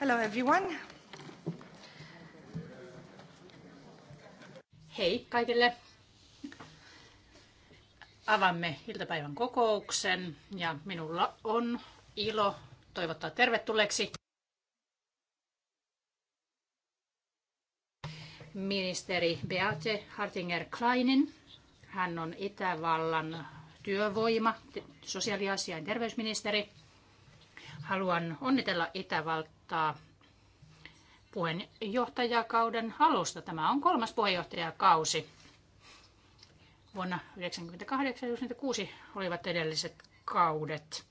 Hello everyone. Hei kaikille. Avamme iltapäivän kokouksen ja minulla on ilo toivottaa tervetulleeksi ministeri Beate Hartinger-Kleinin. Hän on Itävallan työvoima, sosiaaliasia ja terveysministeri Haluan onnitella Itävaltaa puheenjohtajakauden alusta. Tämä on kolmas puheenjohtajakausi. Vuonna 1998-1996 olivat edelliset kaudet.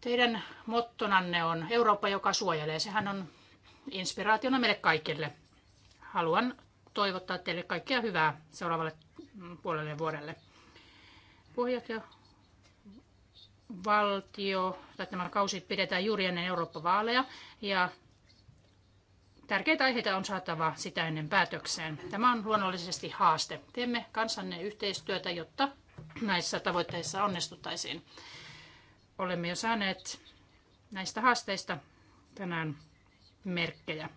Teidän mottonanne on Eurooppa, joka suojelee. Sehän on inspiraationa meille kaikille. Haluan toivottaa teille kaikkea hyvää seuraavalle puolelle vuodelle. Puheenjohtaja valtio, tai tämä kausi pidetään juuri ennen Eurooppa-vaaleja, ja tärkeitä aiheita on saatava sitä ennen päätökseen. Tämä on luonnollisesti haaste. Teemme kansanne yhteistyötä, jotta näissä tavoitteissa onnistuttaisiin. Olemme jo saaneet näistä haasteista tänään merkkejä.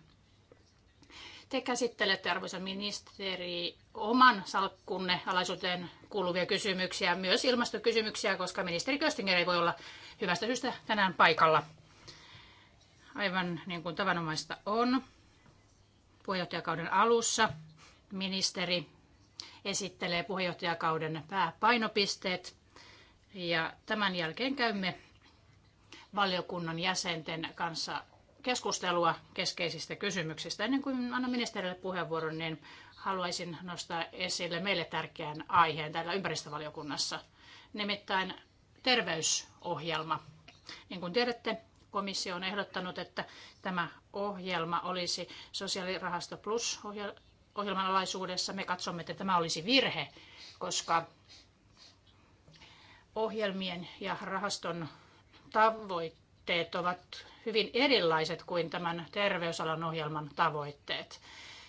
Te käsittelette, arvoisa ministeri, oman salkkunne alaisuuteen kuuluvia kysymyksiä, myös ilmastokysymyksiä, koska ministeri Köstinger ei voi olla hyvästä syystä tänään paikalla. Aivan niin kuin tavanomaista on, puheenjohtajakauden alussa ministeri esittelee puheenjohtajakauden pääpainopisteet ja tämän jälkeen käymme valiokunnan jäsenten kanssa keskustelua keskeisistä kysymyksistä. Ennen kuin annan ministerille puheenvuoron, niin haluaisin nostaa esille meille tärkeän aiheen täällä ympäristövaliokunnassa, nimittäin terveysohjelma. Niin kuin tiedätte, komissio on ehdottanut, että tämä ohjelma olisi sosiaalirahasto plus ohjelman alaisuudessa. Me katsomme, että tämä olisi virhe, koska ohjelmien ja rahaston tavoitteet tavoitteet ovat hyvin erilaiset kuin tämän terveysalan ohjelman tavoitteet.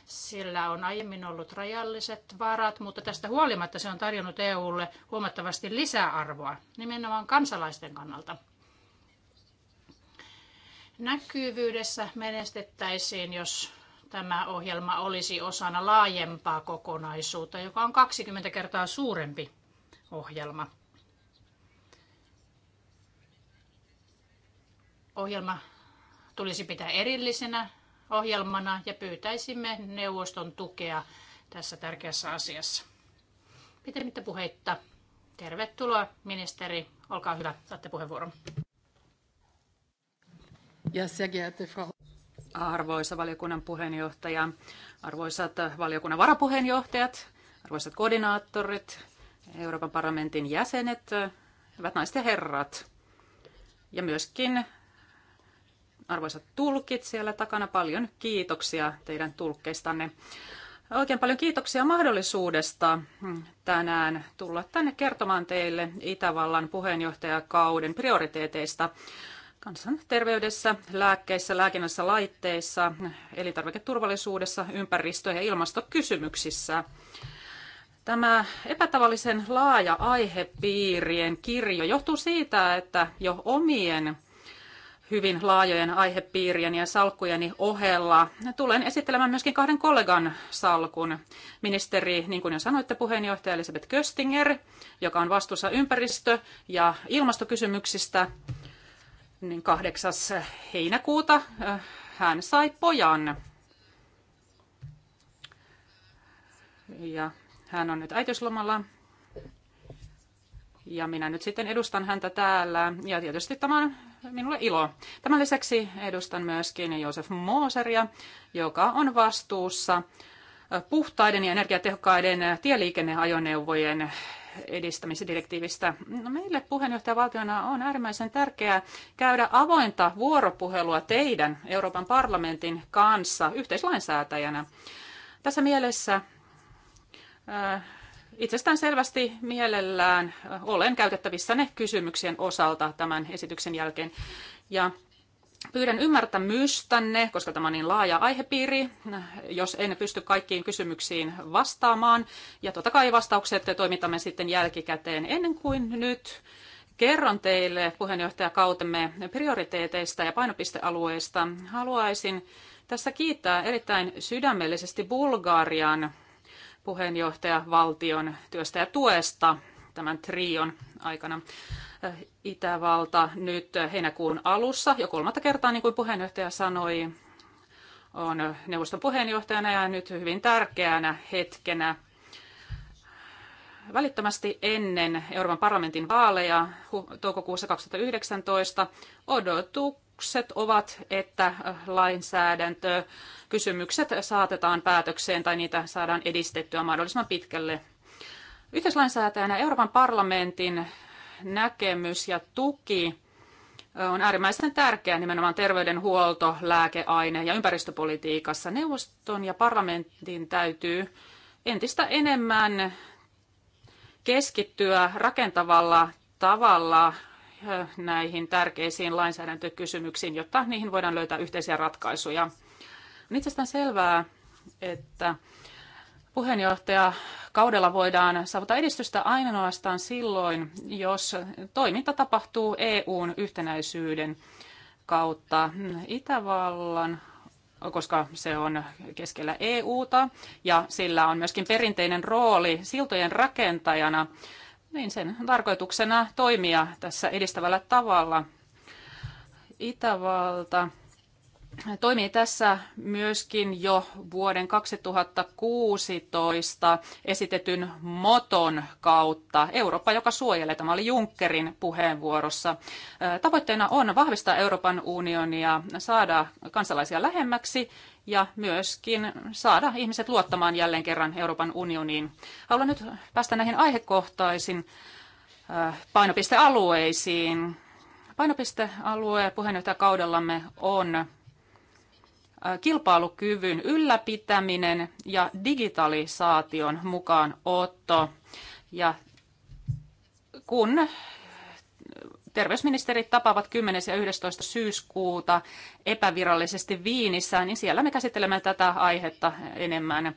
Sillä on aiemmin ollut rajalliset varat, mutta tästä huolimatta se on tarjonnut EUlle huomattavasti lisäarvoa, nimenomaan kansalaisten kannalta. Näkyvyydessä menestettäisiin, jos tämä ohjelma olisi osana laajempaa kokonaisuutta, joka on 20 kertaa suurempi ohjelma. ohjelma tulisi pitää erillisenä ohjelmana ja pyytäisimme neuvoston tukea tässä tärkeässä asiassa. Pitemmittä puheitta. Tervetuloa ministeri. Olkaa hyvä, saatte puheenvuoron. Ja Arvoisa valiokunnan puheenjohtaja, arvoisat valiokunnan varapuheenjohtajat, arvoisat koordinaattorit, Euroopan parlamentin jäsenet, hyvät naiset ja herrat, ja myöskin Arvoisat tulkit siellä takana, paljon kiitoksia teidän tulkkeistanne. Oikein paljon kiitoksia mahdollisuudesta tänään tulla tänne kertomaan teille Itävallan puheenjohtajakauden prioriteeteista kansanterveydessä, lääkkeissä, lääkinnässä, laitteissa, elintarviketurvallisuudessa, ympäristö- ja ilmastokysymyksissä. Tämä epätavallisen laaja aihepiirien kirjo johtuu siitä, että jo omien hyvin laajojen aihepiirien ja salkkujeni ohella. Tulen esittelemään myöskin kahden kollegan salkun. Ministeri, niin kuin jo sanoitte, puheenjohtaja Elisabeth Köstinger, joka on vastuussa ympäristö- ja ilmastokysymyksistä. Niin 8. heinäkuuta äh, hän sai pojan. Ja hän on nyt äitiyslomalla ja minä nyt sitten edustan häntä täällä. Ja tietysti tämä on minulle ilo. Tämän lisäksi edustan myöskin Josef Mooseria, joka on vastuussa puhtaiden ja energiatehokkaiden tieliikenneajoneuvojen edistämisdirektiivistä. No, meille puheenjohtajavaltiona on äärimmäisen tärkeää käydä avointa vuoropuhelua teidän Euroopan parlamentin kanssa yhteislainsäätäjänä. Tässä mielessä äh, itsestään selvästi mielellään olen käytettävissä ne kysymyksien osalta tämän esityksen jälkeen. Ja pyydän ymmärtämystänne, koska tämä on niin laaja aihepiiri, jos en pysty kaikkiin kysymyksiin vastaamaan. Ja totta kai vastaukset toimitamme sitten jälkikäteen ennen kuin nyt kerron teille puheenjohtajakautemme prioriteeteista ja painopistealueista. Haluaisin tässä kiittää erittäin sydämellisesti Bulgarian puheenjohtaja valtion työstä ja tuesta tämän trion aikana. Äh, Itävalta nyt heinäkuun alussa jo kolmatta kertaa, niin kuin puheenjohtaja sanoi, on neuvoston puheenjohtajana ja nyt hyvin tärkeänä hetkenä välittömästi ennen Euroopan parlamentin vaaleja toukokuussa 2019 odotu, odotukset ovat, että äh, lainsäädäntö kysymykset saatetaan päätökseen tai niitä saadaan edistettyä mahdollisimman pitkälle. Yhteislainsäätäjänä Euroopan parlamentin näkemys ja tuki äh, on äärimmäisen tärkeää nimenomaan terveydenhuolto, lääkeaine ja ympäristöpolitiikassa. Neuvoston ja parlamentin täytyy entistä enemmän keskittyä rakentavalla tavalla näihin tärkeisiin lainsäädäntökysymyksiin, jotta niihin voidaan löytää yhteisiä ratkaisuja. On itsestään selvää, että puheenjohtaja kaudella voidaan saavuttaa edistystä ainoastaan silloin, jos toiminta tapahtuu EUn yhtenäisyyden kautta Itävallan koska se on keskellä EUta ja sillä on myöskin perinteinen rooli siltojen rakentajana niin sen tarkoituksena toimia tässä edistävällä tavalla. Itävalta toimii tässä myöskin jo vuoden 2016 esitetyn moton kautta Eurooppa, joka suojelee. Tämä oli Junckerin puheenvuorossa. Tavoitteena on vahvistaa Euroopan unionia, saada kansalaisia lähemmäksi ja myöskin saada ihmiset luottamaan jälleen kerran Euroopan unioniin. Haluan nyt päästä näihin aihekohtaisiin painopistealueisiin. Painopistealue puheenjohtajakaudellamme on kilpailukyvyn ylläpitäminen ja digitalisaation Otto Ja kun terveysministerit tapaavat 10. ja 11. syyskuuta epävirallisesti Viinissä, niin siellä me käsittelemme tätä aihetta enemmän.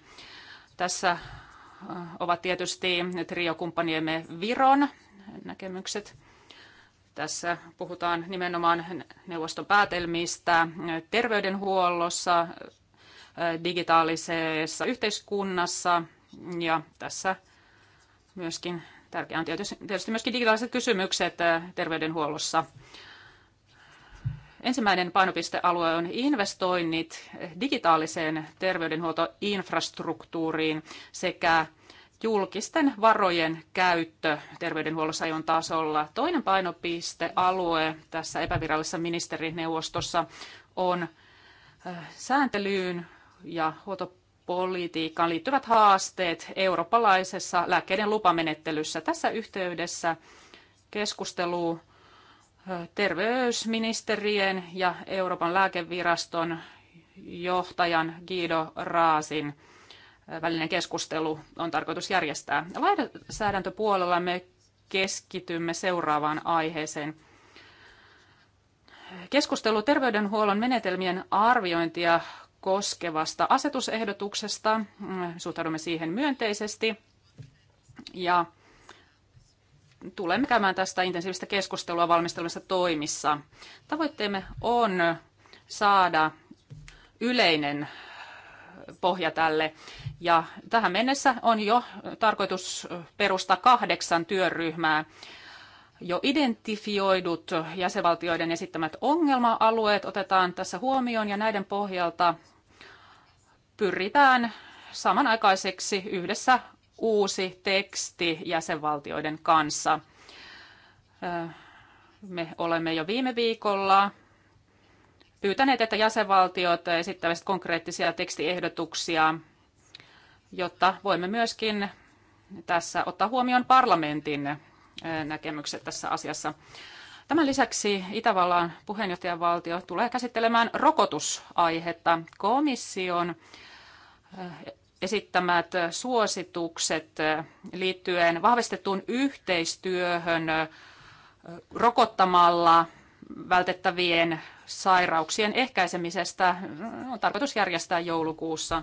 Tässä äh, ovat tietysti triokumppaniemme Viron näkemykset. Tässä puhutaan nimenomaan neuvoston päätelmistä terveydenhuollossa, äh, digitaalisessa yhteiskunnassa ja tässä myöskin Tärkeää on tietysti myöskin digitaaliset kysymykset äh, terveydenhuollossa. Ensimmäinen painopistealue on investoinnit digitaaliseen terveydenhuoltoinfrastruktuuriin sekä julkisten varojen käyttö terveydenhuollossa ajon tasolla. Toinen painopistealue tässä epävirallisessa ministerineuvostossa on äh, sääntelyyn ja huolto politiikkaan liittyvät haasteet eurooppalaisessa lääkkeiden lupamenettelyssä. Tässä yhteydessä keskustelu terveysministerien ja Euroopan lääkeviraston johtajan Guido Raasin välinen keskustelu on tarkoitus järjestää. Lainsäädäntöpuolella me keskitymme seuraavaan aiheeseen. Keskustelu terveydenhuollon menetelmien arviointia koskevasta asetusehdotuksesta. Mm, suhtaudumme siihen myönteisesti ja tulemme käymään tästä intensiivistä keskustelua valmistelmissa toimissa. Tavoitteemme on saada yleinen pohja tälle. Ja tähän mennessä on jo tarkoitus perustaa kahdeksan työryhmää. Jo identifioidut jäsenvaltioiden esittämät ongelma-alueet otetaan tässä huomioon ja näiden pohjalta pyritään samanaikaiseksi yhdessä uusi teksti jäsenvaltioiden kanssa. Me olemme jo viime viikolla pyytäneet, että jäsenvaltiot esittävät konkreettisia tekstiehdotuksia, jotta voimme myöskin tässä ottaa huomioon parlamentin näkemykset tässä asiassa. Tämän lisäksi Itävallan puheenjohtajavaltio tulee käsittelemään rokotusaihetta. Komission eh, esittämät suositukset eh, liittyen vahvistettuun yhteistyöhön eh, rokottamalla vältettävien sairauksien ehkäisemisestä mm, on tarkoitus järjestää joulukuussa.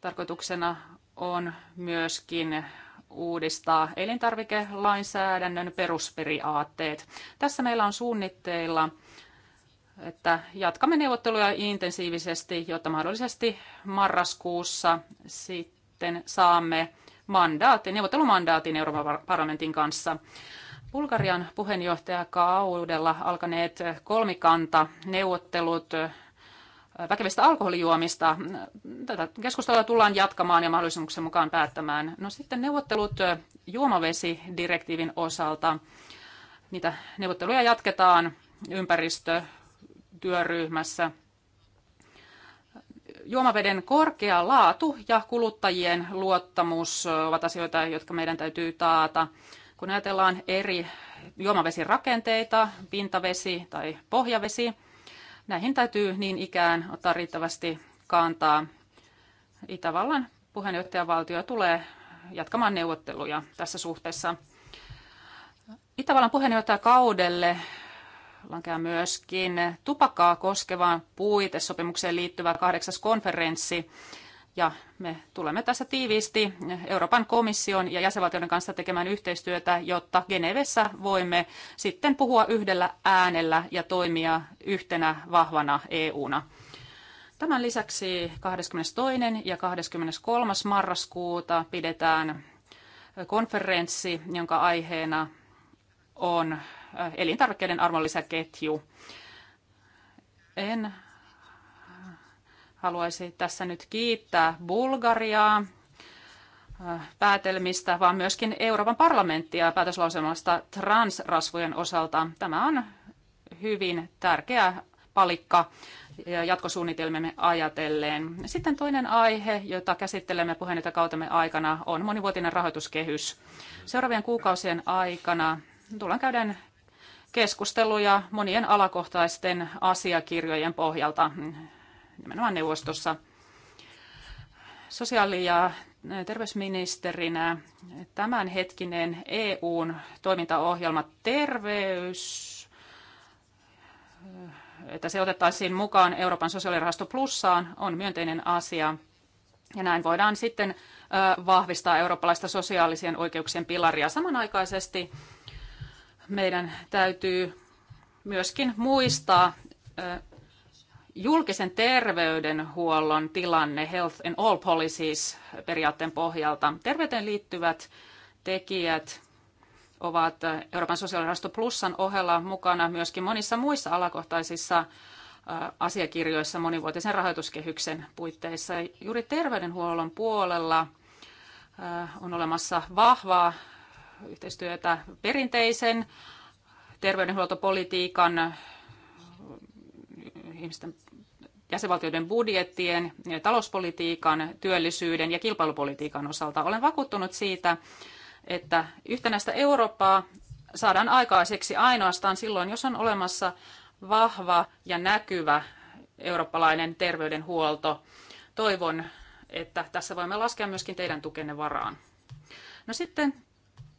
Tarkoituksena on myöskin uudistaa elintarvikelainsäädännön perusperiaatteet. Tässä meillä on suunnitteilla, että jatkamme neuvotteluja intensiivisesti, jotta mahdollisesti marraskuussa sitten saamme mandaatin, neuvottelumandaatin Euroopan parlamentin kanssa. Bulgarian puheenjohtajakaudella alkaneet kolmikanta neuvottelut väkevistä alkoholijuomista. Tätä keskustelua tullaan jatkamaan ja mahdollisuuksien mukaan päättämään. No sitten neuvottelut juomavesidirektiivin osalta. Niitä neuvotteluja jatketaan ympäristötyöryhmässä. Juomaveden korkea laatu ja kuluttajien luottamus ovat asioita, jotka meidän täytyy taata. Kun ajatellaan eri juomavesirakenteita, pintavesi tai pohjavesi, Näihin täytyy niin ikään ottaa riittävästi kantaa. Itävallan puheenjohtajavaltio tulee jatkamaan neuvotteluja tässä suhteessa. Itävallan puheenjohtajakaudelle lankeaa myöskin tupakkaa koskevaan puitesopimukseen liittyvä kahdeksas konferenssi, ja me tulemme tässä tiiviisti Euroopan komission ja jäsenvaltioiden kanssa tekemään yhteistyötä, jotta Genevessä voimme sitten puhua yhdellä äänellä ja toimia yhtenä vahvana EUna. Tämän lisäksi 22. ja 23. marraskuuta pidetään konferenssi, jonka aiheena on äh, elintarvikkeiden arvonlisäketju. En haluaisi tässä nyt kiittää Bulgariaa äh, päätelmistä, vaan myöskin Euroopan parlamenttia päätöslauselmasta transrasvojen osalta. Tämä on hyvin tärkeä palikka äh, jatkosuunnitelmemme ajatellen. Sitten toinen aihe, jota käsittelemme kautemme aikana, on monivuotinen rahoituskehys. Seuraavien kuukausien aikana tullaan käydään keskusteluja monien alakohtaisten asiakirjojen pohjalta nimenomaan neuvostossa sosiaali- ja terveysministerinä tämänhetkinen EUn toimintaohjelma Terveys, että se otettaisiin mukaan Euroopan sosiaalirahasto plussaan, on myönteinen asia. Ja näin voidaan sitten vahvistaa eurooppalaista sosiaalisen oikeuksien pilaria. Samanaikaisesti meidän täytyy myöskin muistaa julkisen terveydenhuollon tilanne Health and All Policies periaatteen pohjalta. Terveyteen liittyvät tekijät ovat Euroopan sosiaalirahasto Plussan ohella mukana myöskin monissa muissa alakohtaisissa asiakirjoissa monivuotisen rahoituskehyksen puitteissa. Juuri terveydenhuollon puolella on olemassa vahvaa yhteistyötä perinteisen terveydenhuoltopolitiikan ihmisten jäsenvaltioiden budjettien, talouspolitiikan, työllisyyden ja kilpailupolitiikan osalta. Olen vakuuttunut siitä, että yhtenäistä Eurooppaa saadaan aikaiseksi ainoastaan silloin, jos on olemassa vahva ja näkyvä eurooppalainen terveydenhuolto. Toivon, että tässä voimme laskea myöskin teidän tukenne varaan. No sitten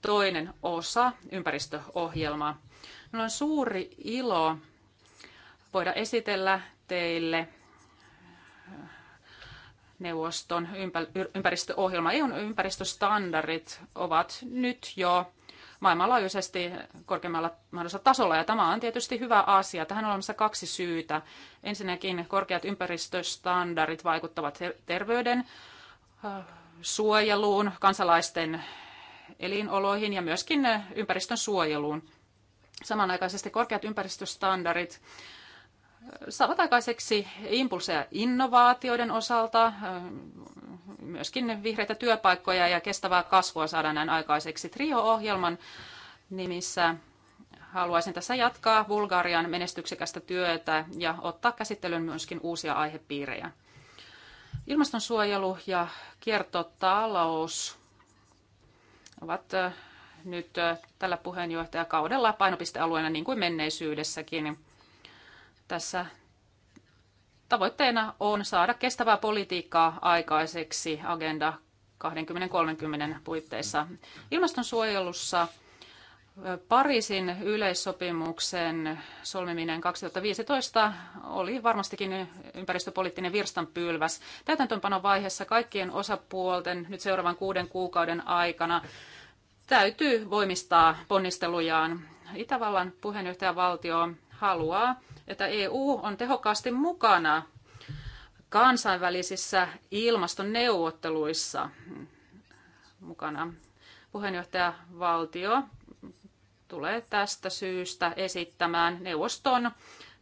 toinen osa, ympäristöohjelma. Minulla on suuri ilo voida esitellä teille neuvoston ympäristöohjelma. EUn ympäristöstandardit ovat nyt jo maailmanlaajuisesti korkeammalla mahdollisella tasolla, ja tämä on tietysti hyvä asia. Tähän on olemassa kaksi syytä. Ensinnäkin korkeat ympäristöstandardit vaikuttavat terveyden suojeluun, kansalaisten elinoloihin ja myöskin ympäristön suojeluun. Samanaikaisesti korkeat ympäristöstandardit saavat aikaiseksi impulseja innovaatioiden osalta, myöskin vihreitä työpaikkoja ja kestävää kasvua saadaan näin aikaiseksi. Trio-ohjelman nimissä haluaisin tässä jatkaa Bulgarian menestyksekästä työtä ja ottaa käsittelyyn myöskin uusia aihepiirejä. Ilmastonsuojelu ja kiertotalous ovat nyt tällä puheenjohtajakaudella painopistealueena niin kuin menneisyydessäkin. Tässä tavoitteena on saada kestävää politiikkaa aikaiseksi Agenda 2030 puitteissa. Ilmastonsuojelussa Pariisin yleissopimuksen solmiminen 2015 oli varmastikin ympäristöpoliittinen virstanpylväs. vaiheessa kaikkien osapuolten nyt seuraavan kuuden kuukauden aikana täytyy voimistaa ponnistelujaan. Itävallan puheenjohtajavaltio haluaa, että EU on tehokkaasti mukana kansainvälisissä ilmastoneuvotteluissa mukana. Puheenjohtajavaltio tulee tästä syystä esittämään neuvoston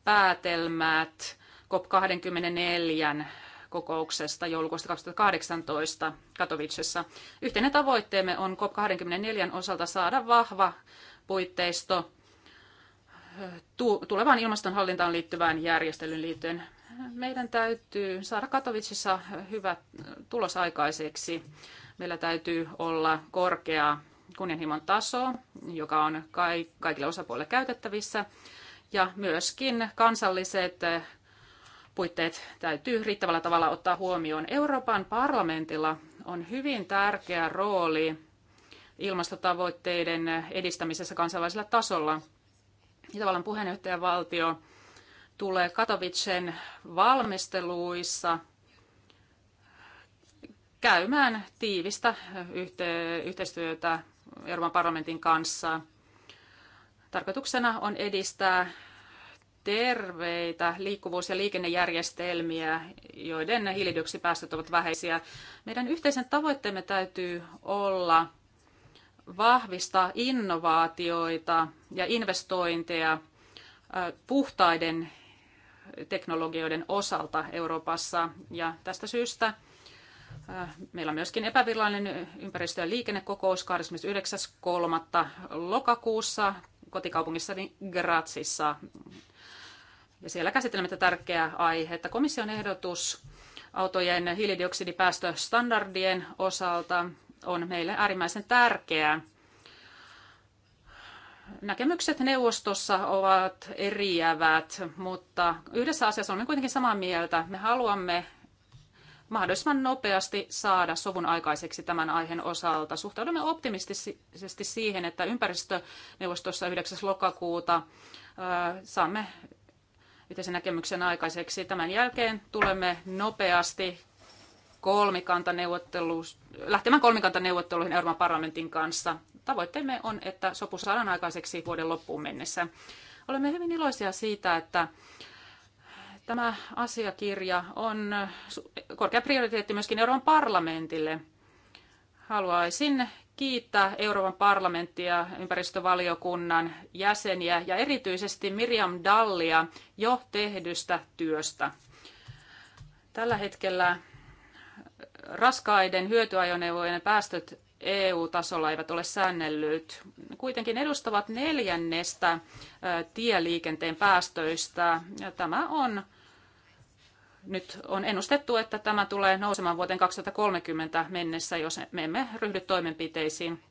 päätelmät COP24 kokouksesta joulukuusta 2018 Katowicessa. Yhteinen tavoitteemme on COP24 osalta saada vahva puitteisto tulevaan ilmastonhallintaan liittyvään järjestelyyn liittyen. Meidän täytyy saada Katowicissa hyvä tulos aikaiseksi. Meillä täytyy olla korkea kunnianhimon taso, joka on kaikille osapuolille käytettävissä. Ja myöskin kansalliset puitteet täytyy riittävällä tavalla ottaa huomioon. Euroopan parlamentilla on hyvin tärkeä rooli ilmastotavoitteiden edistämisessä kansainvälisellä tasolla – Itävallan puheenjohtajavaltio tulee Katowicen valmisteluissa käymään tiivistä yhteistyötä Euroopan parlamentin kanssa. Tarkoituksena on edistää terveitä liikkuvuus- ja liikennejärjestelmiä, joiden hiilidioksidipäästöt ovat vähäisiä. Meidän yhteisen tavoitteemme täytyy olla – vahvistaa innovaatioita ja investointeja puhtaiden teknologioiden osalta Euroopassa. Ja tästä syystä meillä on myöskin epävirallinen ympäristö- ja liikennekokous 29.3. lokakuussa kotikaupungissani Grazissa. Ja siellä käsittelemme tätä tärkeää aihetta. Komission ehdotus autojen hiilidioksidipäästöstandardien osalta on meille äärimmäisen tärkeää. Näkemykset neuvostossa ovat eriävät, mutta yhdessä asiassa olemme kuitenkin samaa mieltä. Me haluamme mahdollisimman nopeasti saada sovun aikaiseksi tämän aiheen osalta. Suhtaudumme optimistisesti siihen, että ympäristöneuvostossa 9. lokakuuta saamme yhteisen näkemyksen aikaiseksi. Tämän jälkeen tulemme nopeasti lähtemään kolmikantaneuvotteluihin Euroopan parlamentin kanssa. Tavoitteemme on, että sopu saadaan aikaiseksi vuoden loppuun mennessä. Olemme hyvin iloisia siitä, että tämä asiakirja on korkea prioriteetti myöskin Euroopan parlamentille. Haluaisin kiittää Euroopan parlamenttia, ympäristövaliokunnan jäseniä ja erityisesti Miriam Dallia jo tehdystä työstä. Tällä hetkellä raskaiden hyötyajoneuvojen päästöt EU-tasolla eivät ole säännellyt. Kuitenkin edustavat neljännestä tieliikenteen päästöistä. Ja tämä on nyt on ennustettu, että tämä tulee nousemaan vuoteen 2030 mennessä, jos me emme ryhdy toimenpiteisiin.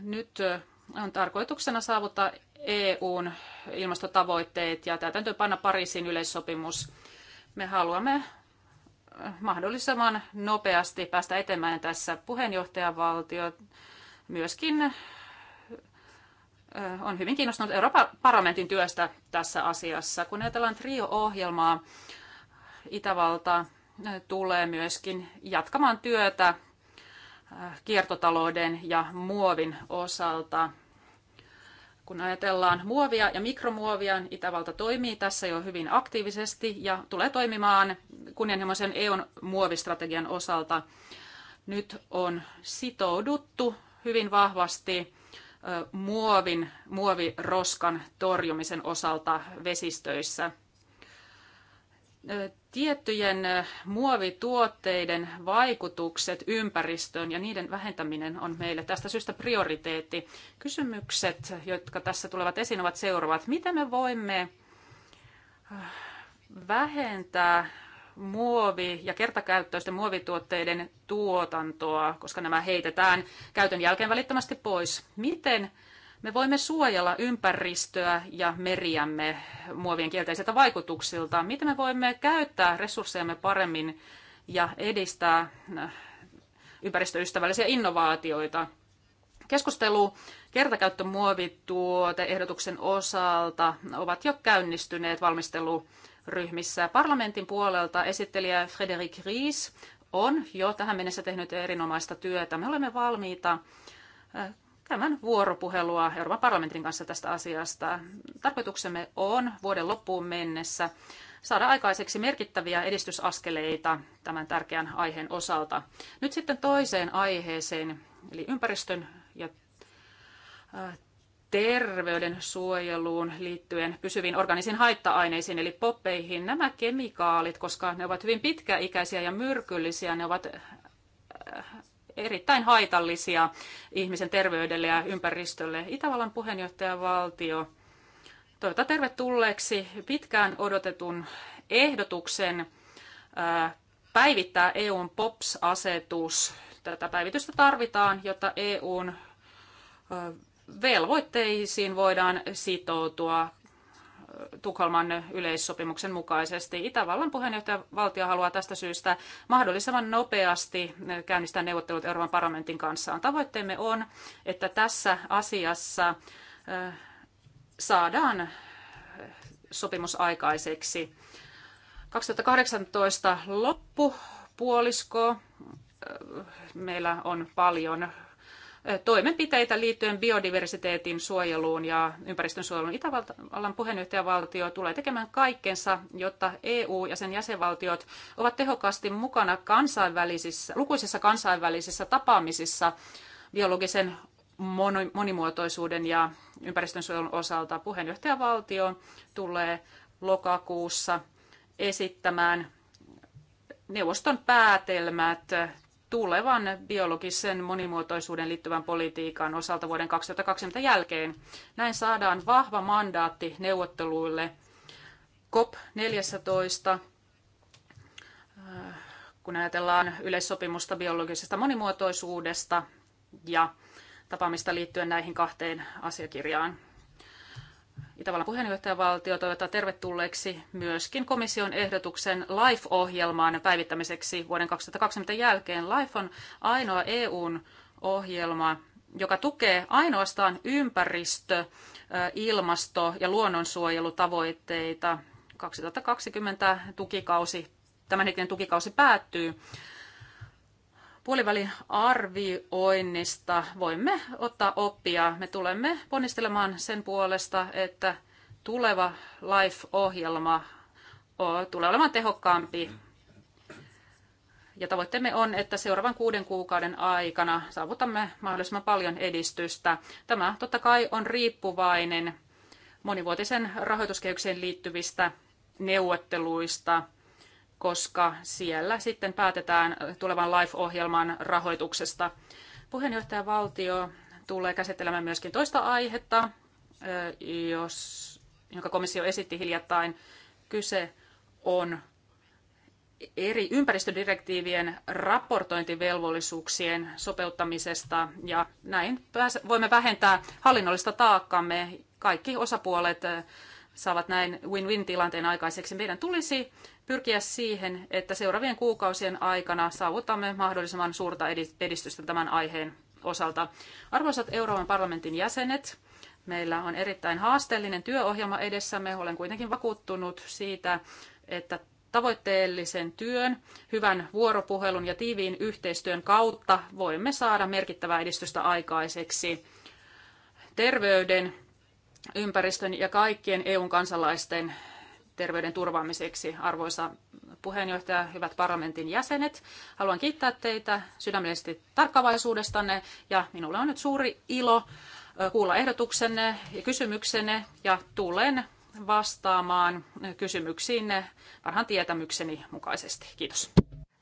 Nyt on tarkoituksena saavuttaa EUn ilmastotavoitteet ja täytäntöönpanna Pariisin yleissopimus. Me haluamme mahdollisimman nopeasti päästä eteenpäin tässä puheenjohtajavaltio. Myöskin on hyvin kiinnostunut Euroopan parlamentin työstä tässä asiassa. Kun ajatellaan trio-ohjelmaa, Itävalta tulee myöskin jatkamaan työtä kiertotalouden ja muovin osalta. Kun ajatellaan muovia ja mikromuovia, niin Itävalta toimii tässä jo hyvin aktiivisesti ja tulee toimimaan kunnianhimoisen EUn muovistrategian osalta. Nyt on sitouduttu hyvin vahvasti muovin, muoviroskan torjumisen osalta vesistöissä tiettyjen muovituotteiden vaikutukset ympäristöön ja niiden vähentäminen on meille tästä syystä prioriteetti. Kysymykset, jotka tässä tulevat esiin, ovat seuraavat. Miten me voimme vähentää muovi- ja kertakäyttöisten muovituotteiden tuotantoa, koska nämä heitetään käytön jälkeen välittömästi pois. Miten me voimme suojella ympäristöä ja meriämme muovien kielteisiltä vaikutuksilta. Miten me voimme käyttää resurssejamme paremmin ja edistää äh, ympäristöystävällisiä innovaatioita? Keskustelu kertakäyttömuovituoteehdotuksen osalta ovat jo käynnistyneet valmisteluryhmissä. Parlamentin puolelta esittelijä Frederik Ries on jo tähän mennessä tehnyt erinomaista työtä. Me olemme valmiita äh, tämän vuoropuhelua Euroopan parlamentin kanssa tästä asiasta. Tarkoituksemme on vuoden loppuun mennessä saada aikaiseksi merkittäviä edistysaskeleita tämän tärkeän aiheen osalta. Nyt sitten toiseen aiheeseen, eli ympäristön ja terveyden suojeluun liittyen pysyviin organisiin haitta-aineisiin, eli poppeihin. Nämä kemikaalit, koska ne ovat hyvin pitkäikäisiä ja myrkyllisiä, ne ovat erittäin haitallisia ihmisen terveydelle ja ympäristölle. Itävallan puheenjohtajavaltio toivota tervetulleeksi pitkään odotetun ehdotuksen päivittää EUn POPS-asetus. Tätä päivitystä tarvitaan, jotta EUn velvoitteisiin voidaan sitoutua Tukholman yleissopimuksen mukaisesti. Itävallan puheenjohtajavaltio haluaa tästä syystä mahdollisimman nopeasti käynnistää neuvottelut Euroopan parlamentin kanssa. Tavoitteemme on, että tässä asiassa saadaan sopimus aikaiseksi. 2018 loppupuolisko. Meillä on paljon toimenpiteitä liittyen biodiversiteetin suojeluun ja ympäristön suojeluun. Itävallan puheenjohtajavaltio tulee tekemään kaikkensa, jotta EU ja sen jäsenvaltiot ovat tehokkaasti mukana kansainvälisissä, lukuisissa kansainvälisissä tapaamisissa biologisen monimuotoisuuden ja ympäristön suojelun osalta. Puheenjohtajavaltio tulee lokakuussa esittämään neuvoston päätelmät tulevan biologisen monimuotoisuuden liittyvän politiikan osalta vuoden 2020 jälkeen. Näin saadaan vahva mandaatti neuvotteluille COP14, äh, kun ajatellaan yleissopimusta biologisesta monimuotoisuudesta ja tapaamista liittyen näihin kahteen asiakirjaan. Itävallan puheenjohtajavaltio toivottaa tervetulleeksi myöskin komission ehdotuksen LIFE-ohjelmaan päivittämiseksi vuoden 2020 jälkeen. LIFE on ainoa EUn ohjelma, joka tukee ainoastaan ympäristö-, ilmasto- ja luonnonsuojelutavoitteita. 2020 tukikausi, tämänhetkinen tukikausi päättyy puolivälin arvioinnista voimme ottaa oppia. Me tulemme ponnistelemaan sen puolesta, että tuleva LIFE-ohjelma tulee olemaan tehokkaampi. Ja tavoitteemme on, että seuraavan kuuden kuukauden aikana saavutamme mahdollisimman paljon edistystä. Tämä totta kai on riippuvainen monivuotisen rahoituskehykseen liittyvistä neuvotteluista – koska siellä sitten päätetään tulevan LIFE-ohjelman rahoituksesta. valtio tulee käsittelemään myöskin toista aihetta, jos, jonka komissio esitti hiljattain. Kyse on eri ympäristödirektiivien raportointivelvollisuuksien sopeuttamisesta ja näin voimme vähentää hallinnollista taakkaamme. Kaikki osapuolet saavat näin win-win-tilanteen aikaiseksi. Meidän tulisi pyrkiä siihen, että seuraavien kuukausien aikana saavutamme mahdollisimman suurta edistystä tämän aiheen osalta. Arvoisat Euroopan parlamentin jäsenet, meillä on erittäin haasteellinen työohjelma edessämme. Olen kuitenkin vakuuttunut siitä, että tavoitteellisen työn, hyvän vuoropuhelun ja tiiviin yhteistyön kautta voimme saada merkittävää edistystä aikaiseksi. Terveyden ympäristön ja kaikkien EUn kansalaisten terveyden turvaamiseksi. Arvoisa puheenjohtaja, hyvät parlamentin jäsenet, haluan kiittää teitä sydämellisesti tarkkavaisuudestanne ja minulle on nyt suuri ilo kuulla ehdotuksenne ja kysymyksenne ja tulen vastaamaan kysymyksiinne parhaan tietämykseni mukaisesti. Kiitos.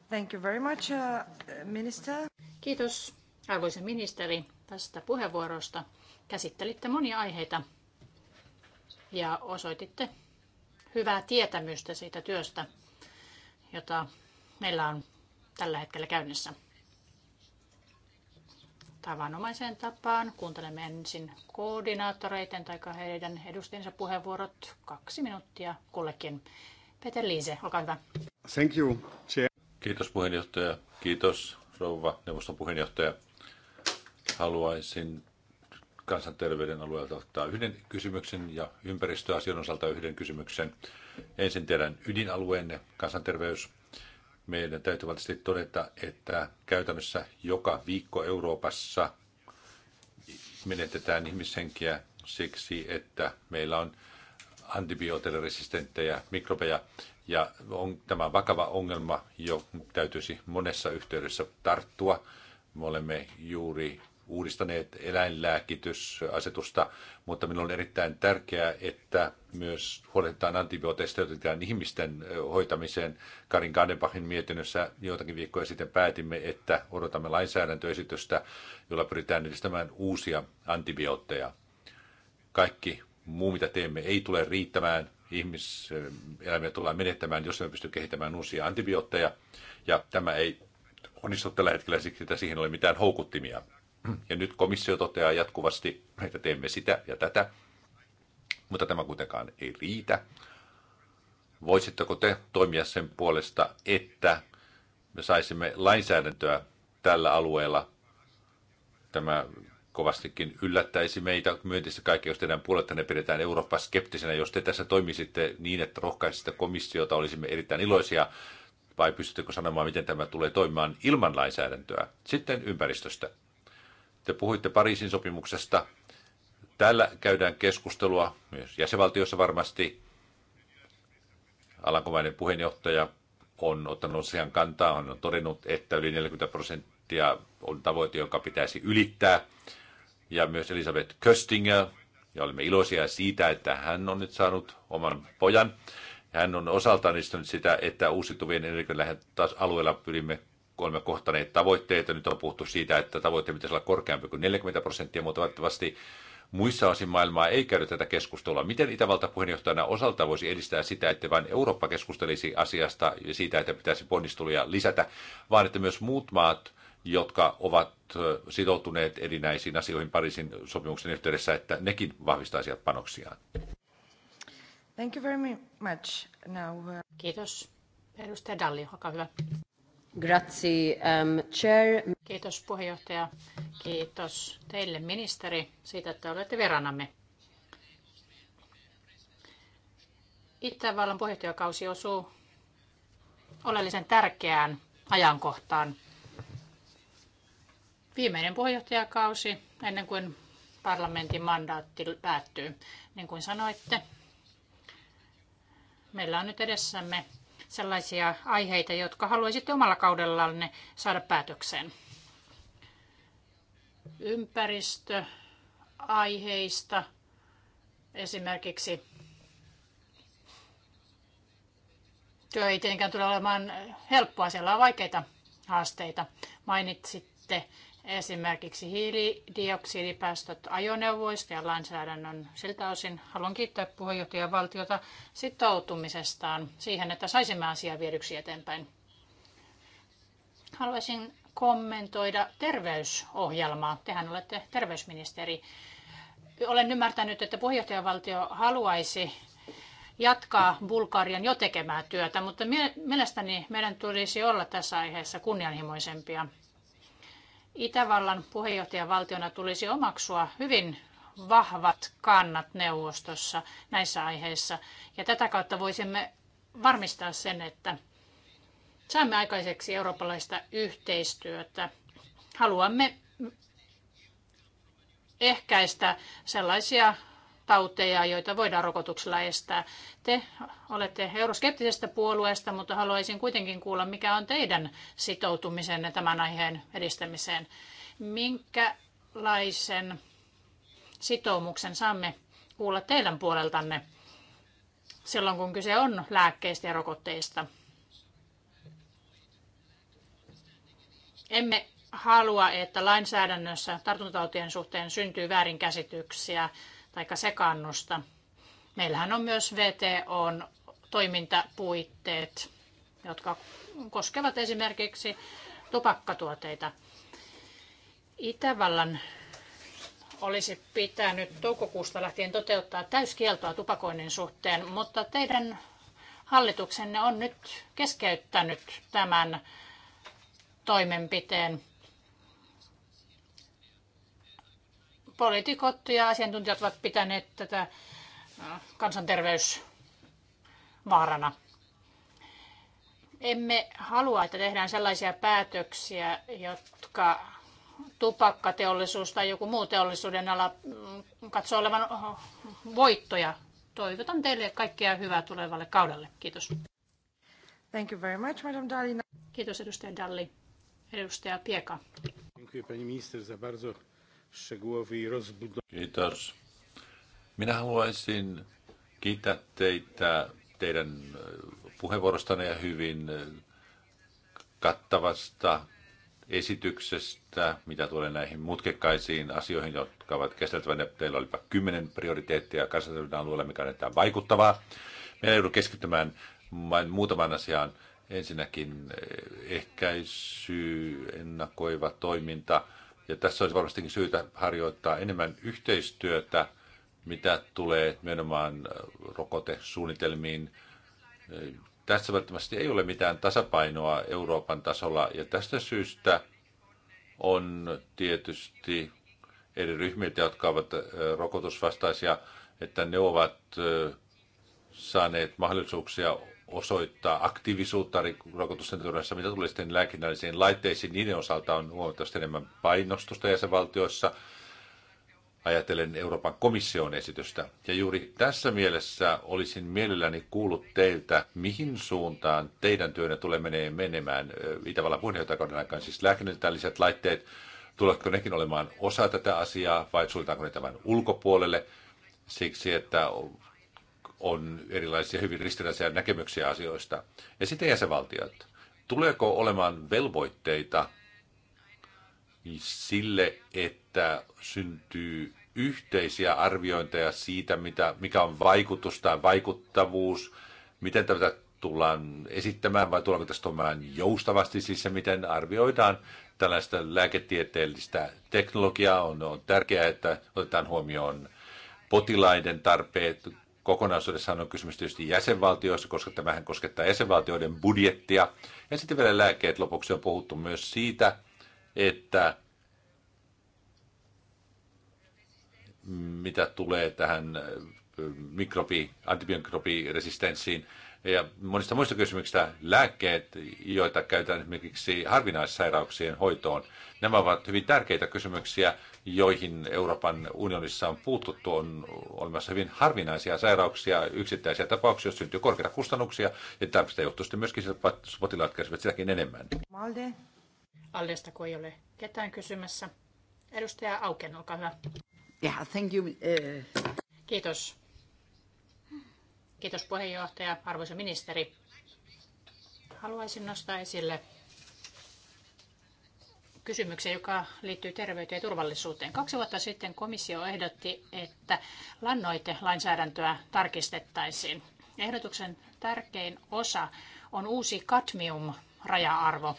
Thank you very much, uh, minister. Kiitos arvoisa ministeri tästä puheenvuorosta. Käsittelitte monia aiheita ja osoititte hyvää tietämystä siitä työstä, jota meillä on tällä hetkellä käynnissä. Tavanomaiseen tapaan kuuntelemme ensin koordinaattoreiden tai heidän edustajansa puheenvuorot. Kaksi minuuttia kullekin. Peter Liise, olkaa hyvä. Thank you. Chair. Kiitos puheenjohtaja. Kiitos rouva neuvoston puheenjohtaja. Haluaisin kansanterveyden alueelta ottaa yhden kysymyksen ja ympäristöasian osalta yhden kysymyksen. Ensin teidän ydinalueenne, kansanterveys. Meidän täytyy valitettavasti todeta, että käytännössä joka viikko Euroopassa menetetään ihmishenkiä siksi, että meillä on antibiooteille mikrobeja. Ja on tämä vakava ongelma, jo täytyisi monessa yhteydessä tarttua. Me olemme juuri uudistaneet eläinlääkitysasetusta, mutta minulla on erittäin tärkeää, että myös huolehditaan antibiooteista, joita ihmisten hoitamiseen. Karin Kadenbachin mietinnössä joitakin viikkoja sitten päätimme, että odotamme lainsäädäntöesitystä, jolla pyritään edistämään uusia antibiootteja. Kaikki muu, mitä teemme, ei tule riittämään. Ihmiselämiä tullaan menettämään, jos emme pysty kehittämään uusia antibiootteja. Ja tämä ei onnistu tällä hetkellä siksi, että siihen ei ole mitään houkuttimia. Ja nyt komissio toteaa jatkuvasti, että teemme sitä ja tätä, mutta tämä kuitenkaan ei riitä. Voisitteko te toimia sen puolesta, että me saisimme lainsäädäntöä tällä alueella? Tämä kovastikin yllättäisi meitä myönteistä kaikkea, jos teidän puolelta ne pidetään Eurooppa skeptisenä. Jos te tässä toimisitte niin, että rohkaisitte komissiota, olisimme erittäin iloisia. Vai pystyttekö sanomaan, miten tämä tulee toimimaan ilman lainsäädäntöä? Sitten ympäristöstä. Te puhuitte Pariisin sopimuksesta. Täällä käydään keskustelua, myös jäsenvaltioissa varmasti. Alankomainen puheenjohtaja on ottanut asian kantaa, Hän on todennut, että yli 40 prosenttia on tavoite, joka pitäisi ylittää. Ja myös Elisabeth Köstinger, ja olemme iloisia siitä, että hän on nyt saanut oman pojan. Hän on osaltaan istunut sitä, että uusiutuvien energian alueella pyrimme olemme kohtaneet tavoitteita. Nyt on puhuttu siitä, että tavoitteet pitäisi olla korkeampi kuin 40 prosenttia, mutta valitettavasti muissa osin maailmaa ei käydä tätä keskustelua. Miten Itävalta puheenjohtajana osalta voisi edistää sitä, että vain Eurooppa keskustelisi asiasta ja siitä, että pitäisi ponnisteluja lisätä, vaan että myös muut maat, jotka ovat sitoutuneet erinäisiin asioihin Pariisin sopimuksen yhteydessä, että nekin vahvistaisivat panoksiaan. Thank you very much. Now, uh... Kiitos. Edustaja Dalli, olkaa hyvä. Um, Kiitos puheenjohtaja. Kiitos teille ministeri siitä, että olette vieraanamme. Itävallan puheenjohtajakausi osuu oleellisen tärkeään ajankohtaan. Viimeinen puheenjohtajakausi ennen kuin parlamentin mandaatti päättyy. Niin kuin sanoitte, meillä on nyt edessämme sellaisia aiheita, jotka haluaisitte omalla kaudellanne saada päätökseen? Ympäristöaiheista esimerkiksi. Työ ei tietenkään tule olemaan helppoa, siellä on vaikeita haasteita. Mainitsitte esimerkiksi hiilidioksidipäästöt ajoneuvoista ja lainsäädännön. Siltä osin haluan kiittää puheenjohtajavaltiota sitoutumisestaan siihen, että saisimme asiaa viedyksi eteenpäin. Haluaisin kommentoida terveysohjelmaa. Tehän olette terveysministeri. Olen ymmärtänyt, että puheenjohtajavaltio haluaisi jatkaa Bulgarian jo tekemää työtä, mutta mielestäni meidän tulisi olla tässä aiheessa kunnianhimoisempia. Itävallan puheenjohtajavaltiona tulisi omaksua hyvin vahvat kannat neuvostossa näissä aiheissa. Ja tätä kautta voisimme varmistaa sen, että saamme aikaiseksi eurooppalaista yhteistyötä. Haluamme ehkäistä sellaisia tauteja, joita voidaan rokotuksella estää. Te olette euroskeptisestä puolueesta, mutta haluaisin kuitenkin kuulla, mikä on teidän sitoutumisenne tämän aiheen edistämiseen. Minkälaisen sitoumuksen saamme kuulla teidän puoleltanne silloin, kun kyse on lääkkeistä ja rokotteista? Emme halua, että lainsäädännössä tartuntatautien suhteen syntyy väärinkäsityksiä tai sekannusta. Meillähän on myös VTOn toimintapuitteet, jotka koskevat esimerkiksi tupakkatuoteita. Itävallan olisi pitänyt toukokuusta lähtien toteuttaa täyskieltoa tupakoinnin suhteen, mutta teidän hallituksenne on nyt keskeyttänyt tämän toimenpiteen. poliitikot ja asiantuntijat ovat pitäneet tätä kansanterveysvaarana. Emme halua, että tehdään sellaisia päätöksiä, jotka tupakkateollisuus tai joku muu teollisuuden ala mm, katsoo olevan voittoja. Toivotan teille kaikkea hyvää tulevalle kaudelle. Kiitos. Thank you very much, Madam Dalli. Kiitos edustaja Dalli. Edustaja Pieka. Dziękuję pani szczegółowy Kiitos. Minä haluaisin kiittää teitä teidän e, puheenvuorostanne ja hyvin e, kattavasta esityksestä, mitä tulee näihin mutkekkaisiin asioihin, jotka ovat käsiteltävänä. Teillä olipa kymmenen prioriteettia kansainvälisellä alueella, mikä on erittäin vaikuttavaa. Meidän joudun keskittymään vain muutamaan asiaan. Ensinnäkin e, ehkäisy, ennakoiva toiminta, ja tässä olisi varmastikin syytä harjoittaa enemmän yhteistyötä, mitä tulee nimenomaan äh, rokotesuunnitelmiin. Äh, tässä välttämättä ei ole mitään tasapainoa Euroopan tasolla, ja tästä syystä on tietysti eri ryhmiltä, jotka ovat äh, rokotusvastaisia, että ne ovat saaneet mahdollisuuksia osoittaa aktiivisuutta rokotusten turvassa, mitä tulee sitten lääkinnällisiin laitteisiin. Niiden osalta on huomattavasti enemmän painostusta jäsenvaltioissa, ajatellen Euroopan komission esitystä. Ja juuri tässä mielessä olisin mielelläni kuullut teiltä, mihin suuntaan teidän työnne tulee menee menemään Itävallan puheenjohtajakauden aikaan, siis lääkinnälliset laitteet, tuletko nekin olemaan osa tätä asiaa vai suljetaanko ne tämän ulkopuolelle, siksi että on erilaisia hyvin ristiriitaisia näkemyksiä asioista. Ja sitten jäsenvaltiot. Tuleeko olemaan velvoitteita sille, että syntyy yhteisiä arviointeja siitä, mitä, mikä on vaikutus tai vaikuttavuus, miten tätä tullaan esittämään vai tullaanko tästä tuomaan joustavasti, siis se miten arvioidaan tällaista lääketieteellistä teknologiaa. On, on tärkeää, että otetaan huomioon potilaiden tarpeet, Kokonaisuudessaan on kysymys tietysti jäsenvaltioista, koska tämähän koskettaa jäsenvaltioiden budjettia. Ja sitten vielä lääkkeet lopuksi on puhuttu myös siitä, että mitä tulee tähän mikrobi, antibiootiresistenssiin, ja monista muista kysymyksistä lääkkeet, joita käytetään esimerkiksi harvinaissairauksien hoitoon. Nämä ovat hyvin tärkeitä kysymyksiä, joihin Euroopan unionissa on puututtu. On olemassa hyvin harvinaisia sairauksia, yksittäisiä tapauksia, joissa syntyy korkeita kustannuksia, ja tämmöistä johtuu sitten myöskin, että potilaat kärsivät sitäkin enemmän. Malde. Allesta, kun ei ole ketään kysymässä. Edustaja Auken, olkaa hyvä. Yeah, thank you. Uh... Kiitos Kiitos puheenjohtaja, arvoisa ministeri. Haluaisin nostaa esille kysymyksen, joka liittyy terveyteen ja turvallisuuteen. Kaksi vuotta sitten komissio ehdotti, että lannoitelainsäädäntöä tarkistettaisiin. Ehdotuksen tärkein osa on uusi kadmium-raja-arvo.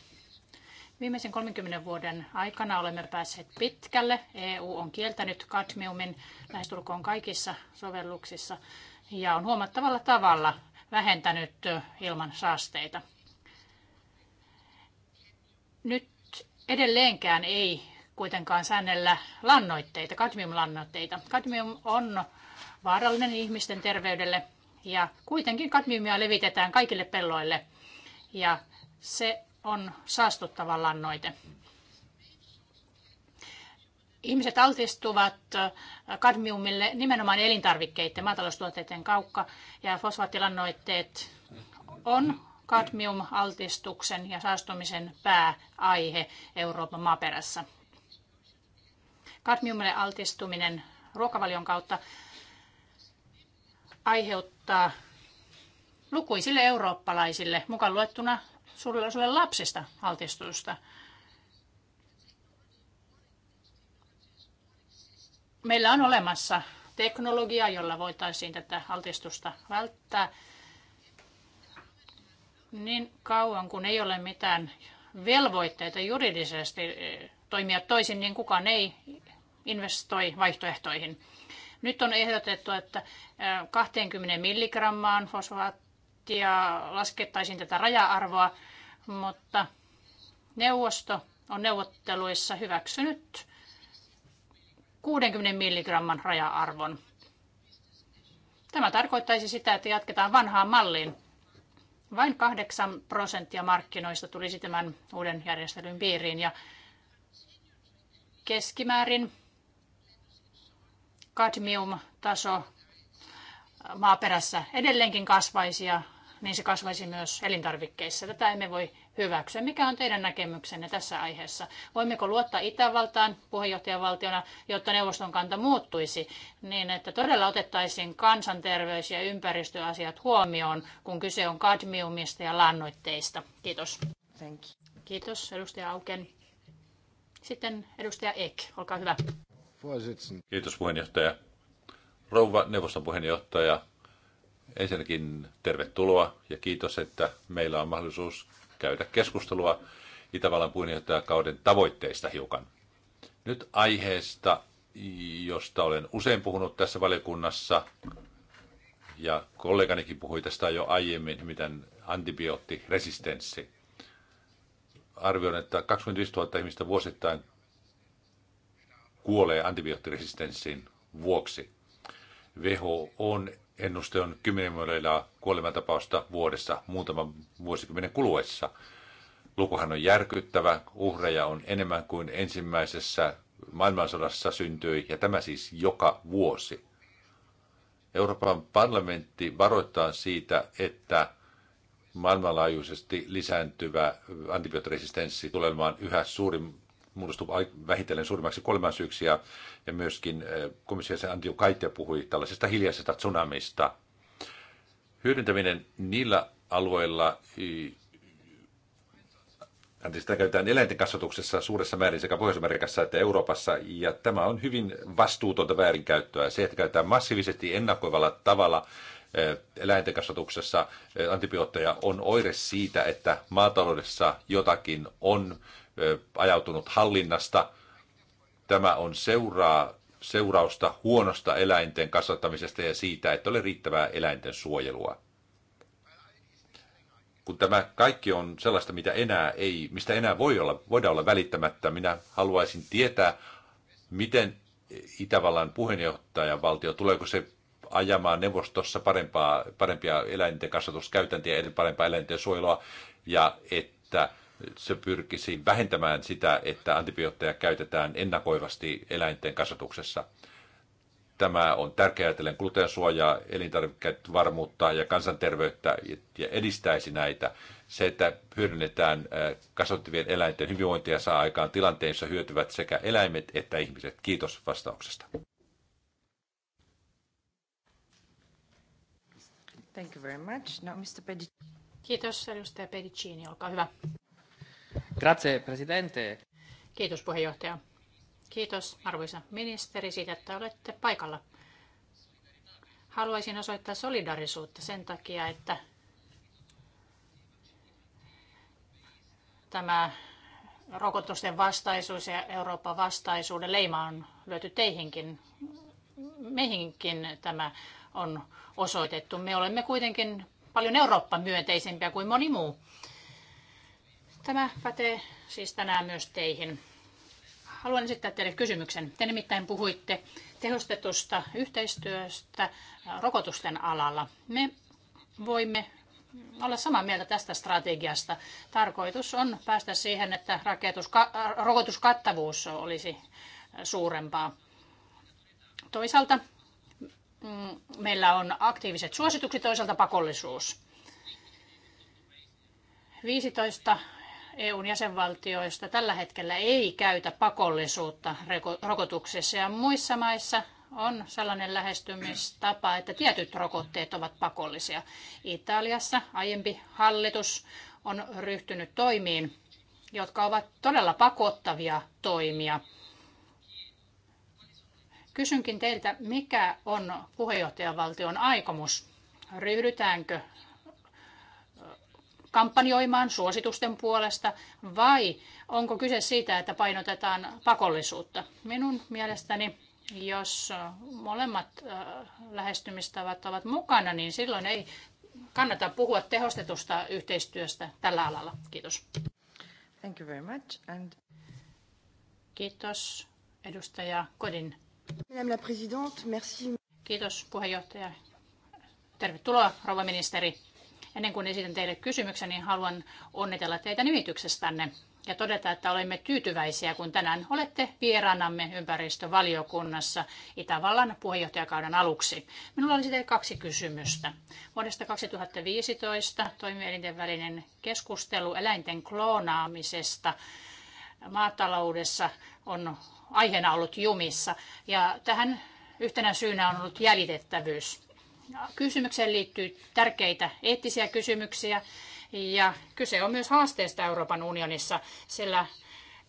Viimeisen 30 vuoden aikana olemme päässeet pitkälle. EU on kieltänyt kadmiumin lähestulkoon kaikissa sovelluksissa ja on huomattavalla tavalla vähentänyt ilman saasteita. Nyt edelleenkään ei kuitenkaan säännellä lannoitteita, kadmiumlannoitteita. Kadmium on vaarallinen ihmisten terveydelle ja kuitenkin kadmiumia levitetään kaikille pelloille ja se on saastuttava lannoite ihmiset altistuvat kadmiumille nimenomaan elintarvikkeiden, maataloustuotteiden kaukka ja fosfaattilannoitteet on kadmiumaltistuksen ja saastumisen pääaihe Euroopan maaperässä. Kadmiumille altistuminen ruokavalion kautta aiheuttaa lukuisille eurooppalaisille, mukaan luettuna suurella lapsista altistusta. Meillä on olemassa teknologia, jolla voitaisiin tätä altistusta välttää. Niin kauan kun ei ole mitään velvoitteita juridisesti eh, toimia toisin, niin kukaan ei investoi vaihtoehtoihin. Nyt on ehdotettu, että 20 eh, milligrammaan fosfaattia laskettaisiin tätä raja-arvoa, mutta neuvosto on neuvotteluissa hyväksynyt 60 milligramman raja-arvon. Tämä tarkoittaisi sitä, että jatketaan vanhaan malliin. Vain 8 prosenttia markkinoista tulisi tämän uuden järjestelyn piiriin ja keskimäärin kadmium-taso maaperässä edelleenkin kasvaisi ja niin se kasvaisi myös elintarvikkeissa. Tätä emme voi hyväksyä. Mikä on teidän näkemyksenne tässä aiheessa? Voimmeko luottaa Itävaltaan puheenjohtajavaltiona, jotta neuvoston kanta muuttuisi niin, että todella otettaisiin kansanterveys- ja ympäristöasiat huomioon, kun kyse on kadmiumista ja lannoitteista? Kiitos. Thank you. Kiitos, edustaja Auken. Sitten edustaja Ek, olkaa hyvä. Kiitos puheenjohtaja. Rouva neuvoston puheenjohtaja, Ensinnäkin tervetuloa ja kiitos, että meillä on mahdollisuus käydä keskustelua Itävallan kauden tavoitteista hiukan. Nyt aiheesta, josta olen usein puhunut tässä valiokunnassa, ja kolleganikin puhui tästä jo aiemmin, miten antibioottiresistenssi. Arvioin, että 25 000 ihmistä vuosittain kuolee antibioottiresistenssin vuoksi. WHO on ennuste on 10 miljoonaa kuolematapausta vuodessa muutaman vuosikymmenen kuluessa. Lukuhan on järkyttävä, uhreja on enemmän kuin ensimmäisessä maailmansodassa syntyi, ja tämä siis joka vuosi. Euroopan parlamentti varoittaa siitä, että maailmanlaajuisesti lisääntyvä antibioottiresistenssi tulee olemaan yhä suurin muodostuu vähitellen suurimmaksi kolmansyyksi ja, ja myöskin eh, komissiossa Antio Kaitte puhui tällaisesta hiljaisesta tsunamista. Hyödyntäminen niillä alueilla, anteeksi, sitä käytetään eläinten kasvatuksessa suuressa määrin sekä Pohjois-Amerikassa että Euroopassa, ja tämä on hyvin vastuutonta väärinkäyttöä. Se, että käytetään massiivisesti ennakoivalla tavalla eh, eläinten kasvatuksessa eh, antibiootteja, on oire siitä, että maataloudessa jotakin on ajautunut hallinnasta. Tämä on seuraa, seurausta huonosta eläinten kasvattamisesta ja siitä, että ole riittävää eläinten suojelua. Kun tämä kaikki on sellaista, mitä enää ei, mistä enää voi olla, voida olla välittämättä, minä haluaisin tietää, miten Itävallan valtio tuleeko se ajamaan neuvostossa parempaa, parempia eläinten kasvatuskäytäntöjä, parempaa eläinten suojelua, ja että se pyrkisi vähentämään sitä, että antibiootteja käytetään ennakoivasti eläinten kasvatuksessa. Tämä on tärkeää ajatellen kuluttajansuojaa, varmuutta ja kansanterveyttä ja edistäisi näitä. Se, että hyödynnetään kasvattavien eläinten hyvinvointia saa aikaan tilanteissa hyötyvät sekä eläimet että ihmiset. Kiitos vastauksesta. Thank you very much. No, Mr. Pedicini. Kiitos, edustaja Pedicini, olkaa hyvä. Grazie, presidente. Kiitos puheenjohtaja. Kiitos arvoisa ministeri siitä, että olette paikalla. Haluaisin osoittaa solidarisuutta sen takia, että tämä rokotusten vastaisuus ja Euroopan vastaisuuden leima on lyöty teihinkin. Meihinkin tämä on osoitettu. Me olemme kuitenkin paljon Eurooppa-myönteisempiä kuin moni muu. Tämä pätee siis tänään myös teihin. Haluan esittää teille kysymyksen. Te nimittäin puhuitte tehostetusta yhteistyöstä rokotusten alalla. Me voimme olla samaa mieltä tästä strategiasta. Tarkoitus on päästä siihen, että rokotuskattavuus olisi suurempaa. Toisaalta mm, meillä on aktiiviset suositukset, toisaalta pakollisuus. 15 EUn jäsenvaltioista tällä hetkellä ei käytä pakollisuutta rokotuksessa ja muissa maissa on sellainen lähestymistapa, että tietyt rokotteet ovat pakollisia. Italiassa aiempi hallitus on ryhtynyt toimiin, jotka ovat todella pakottavia toimia. Kysynkin teiltä, mikä on puheenjohtajavaltion aikomus? Ryhdytäänkö kampanjoimaan suositusten puolesta vai onko kyse siitä, että painotetaan pakollisuutta? Minun mielestäni, jos molemmat äh, lähestymistavat ovat mukana, niin silloin ei kannata puhua tehostetusta yhteistyöstä tällä alalla. Kiitos. Thank you very much. And... Kiitos edustaja Kodin. Madame la présidente, merci. Kiitos puheenjohtaja. Tervetuloa rouva ministeri. Ennen niin kuin esitän teille kysymyksen, niin haluan onnitella teitä nimityksestänne ja todeta, että olemme tyytyväisiä, kun tänään olette vieraanamme ympäristövaliokunnassa Itävallan puheenjohtajakauden aluksi. Minulla olisi teille kaksi kysymystä. Vuodesta 2015 toimielinten välinen keskustelu eläinten kloonaamisesta maataloudessa on aiheena ollut jumissa ja tähän yhtenä syynä on ollut jäljitettävyys kysymykseen liittyy tärkeitä eettisiä kysymyksiä ja kyse on myös haasteesta Euroopan unionissa, sillä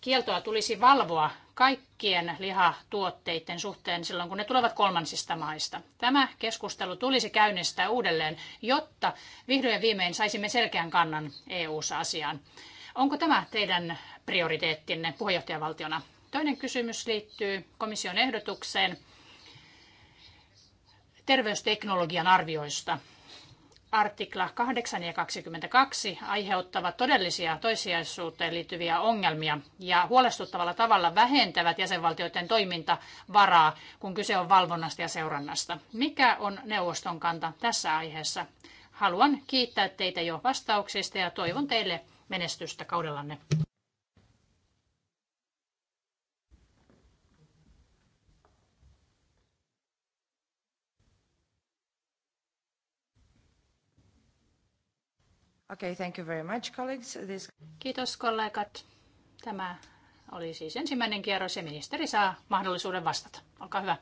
kieltoa tulisi valvoa kaikkien lihatuotteiden suhteen silloin, kun ne tulevat kolmansista maista. Tämä keskustelu tulisi käynnistää uudelleen, jotta vihdoin ja viimein saisimme selkeän kannan EU-asiaan. Onko tämä teidän prioriteettinne puheenjohtajavaltiona? Toinen kysymys liittyy komission ehdotukseen – terveysteknologian arvioista. Artikla 8 ja 22 aiheuttavat todellisia toissijaisuuteen liittyviä ongelmia ja huolestuttavalla tavalla vähentävät jäsenvaltioiden toimintavaraa, kun kyse on valvonnasta ja seurannasta. Mikä on neuvoston kanta tässä aiheessa? Haluan kiittää teitä jo vastauksista ja toivon teille menestystä kaudellanne. Okay, thank you very much, colleagues. This... Kiitos kollegat. Tämä oli siis ensimmäinen kierros ja ministeri saa mahdollisuuden vastata. Olkaa hyvä.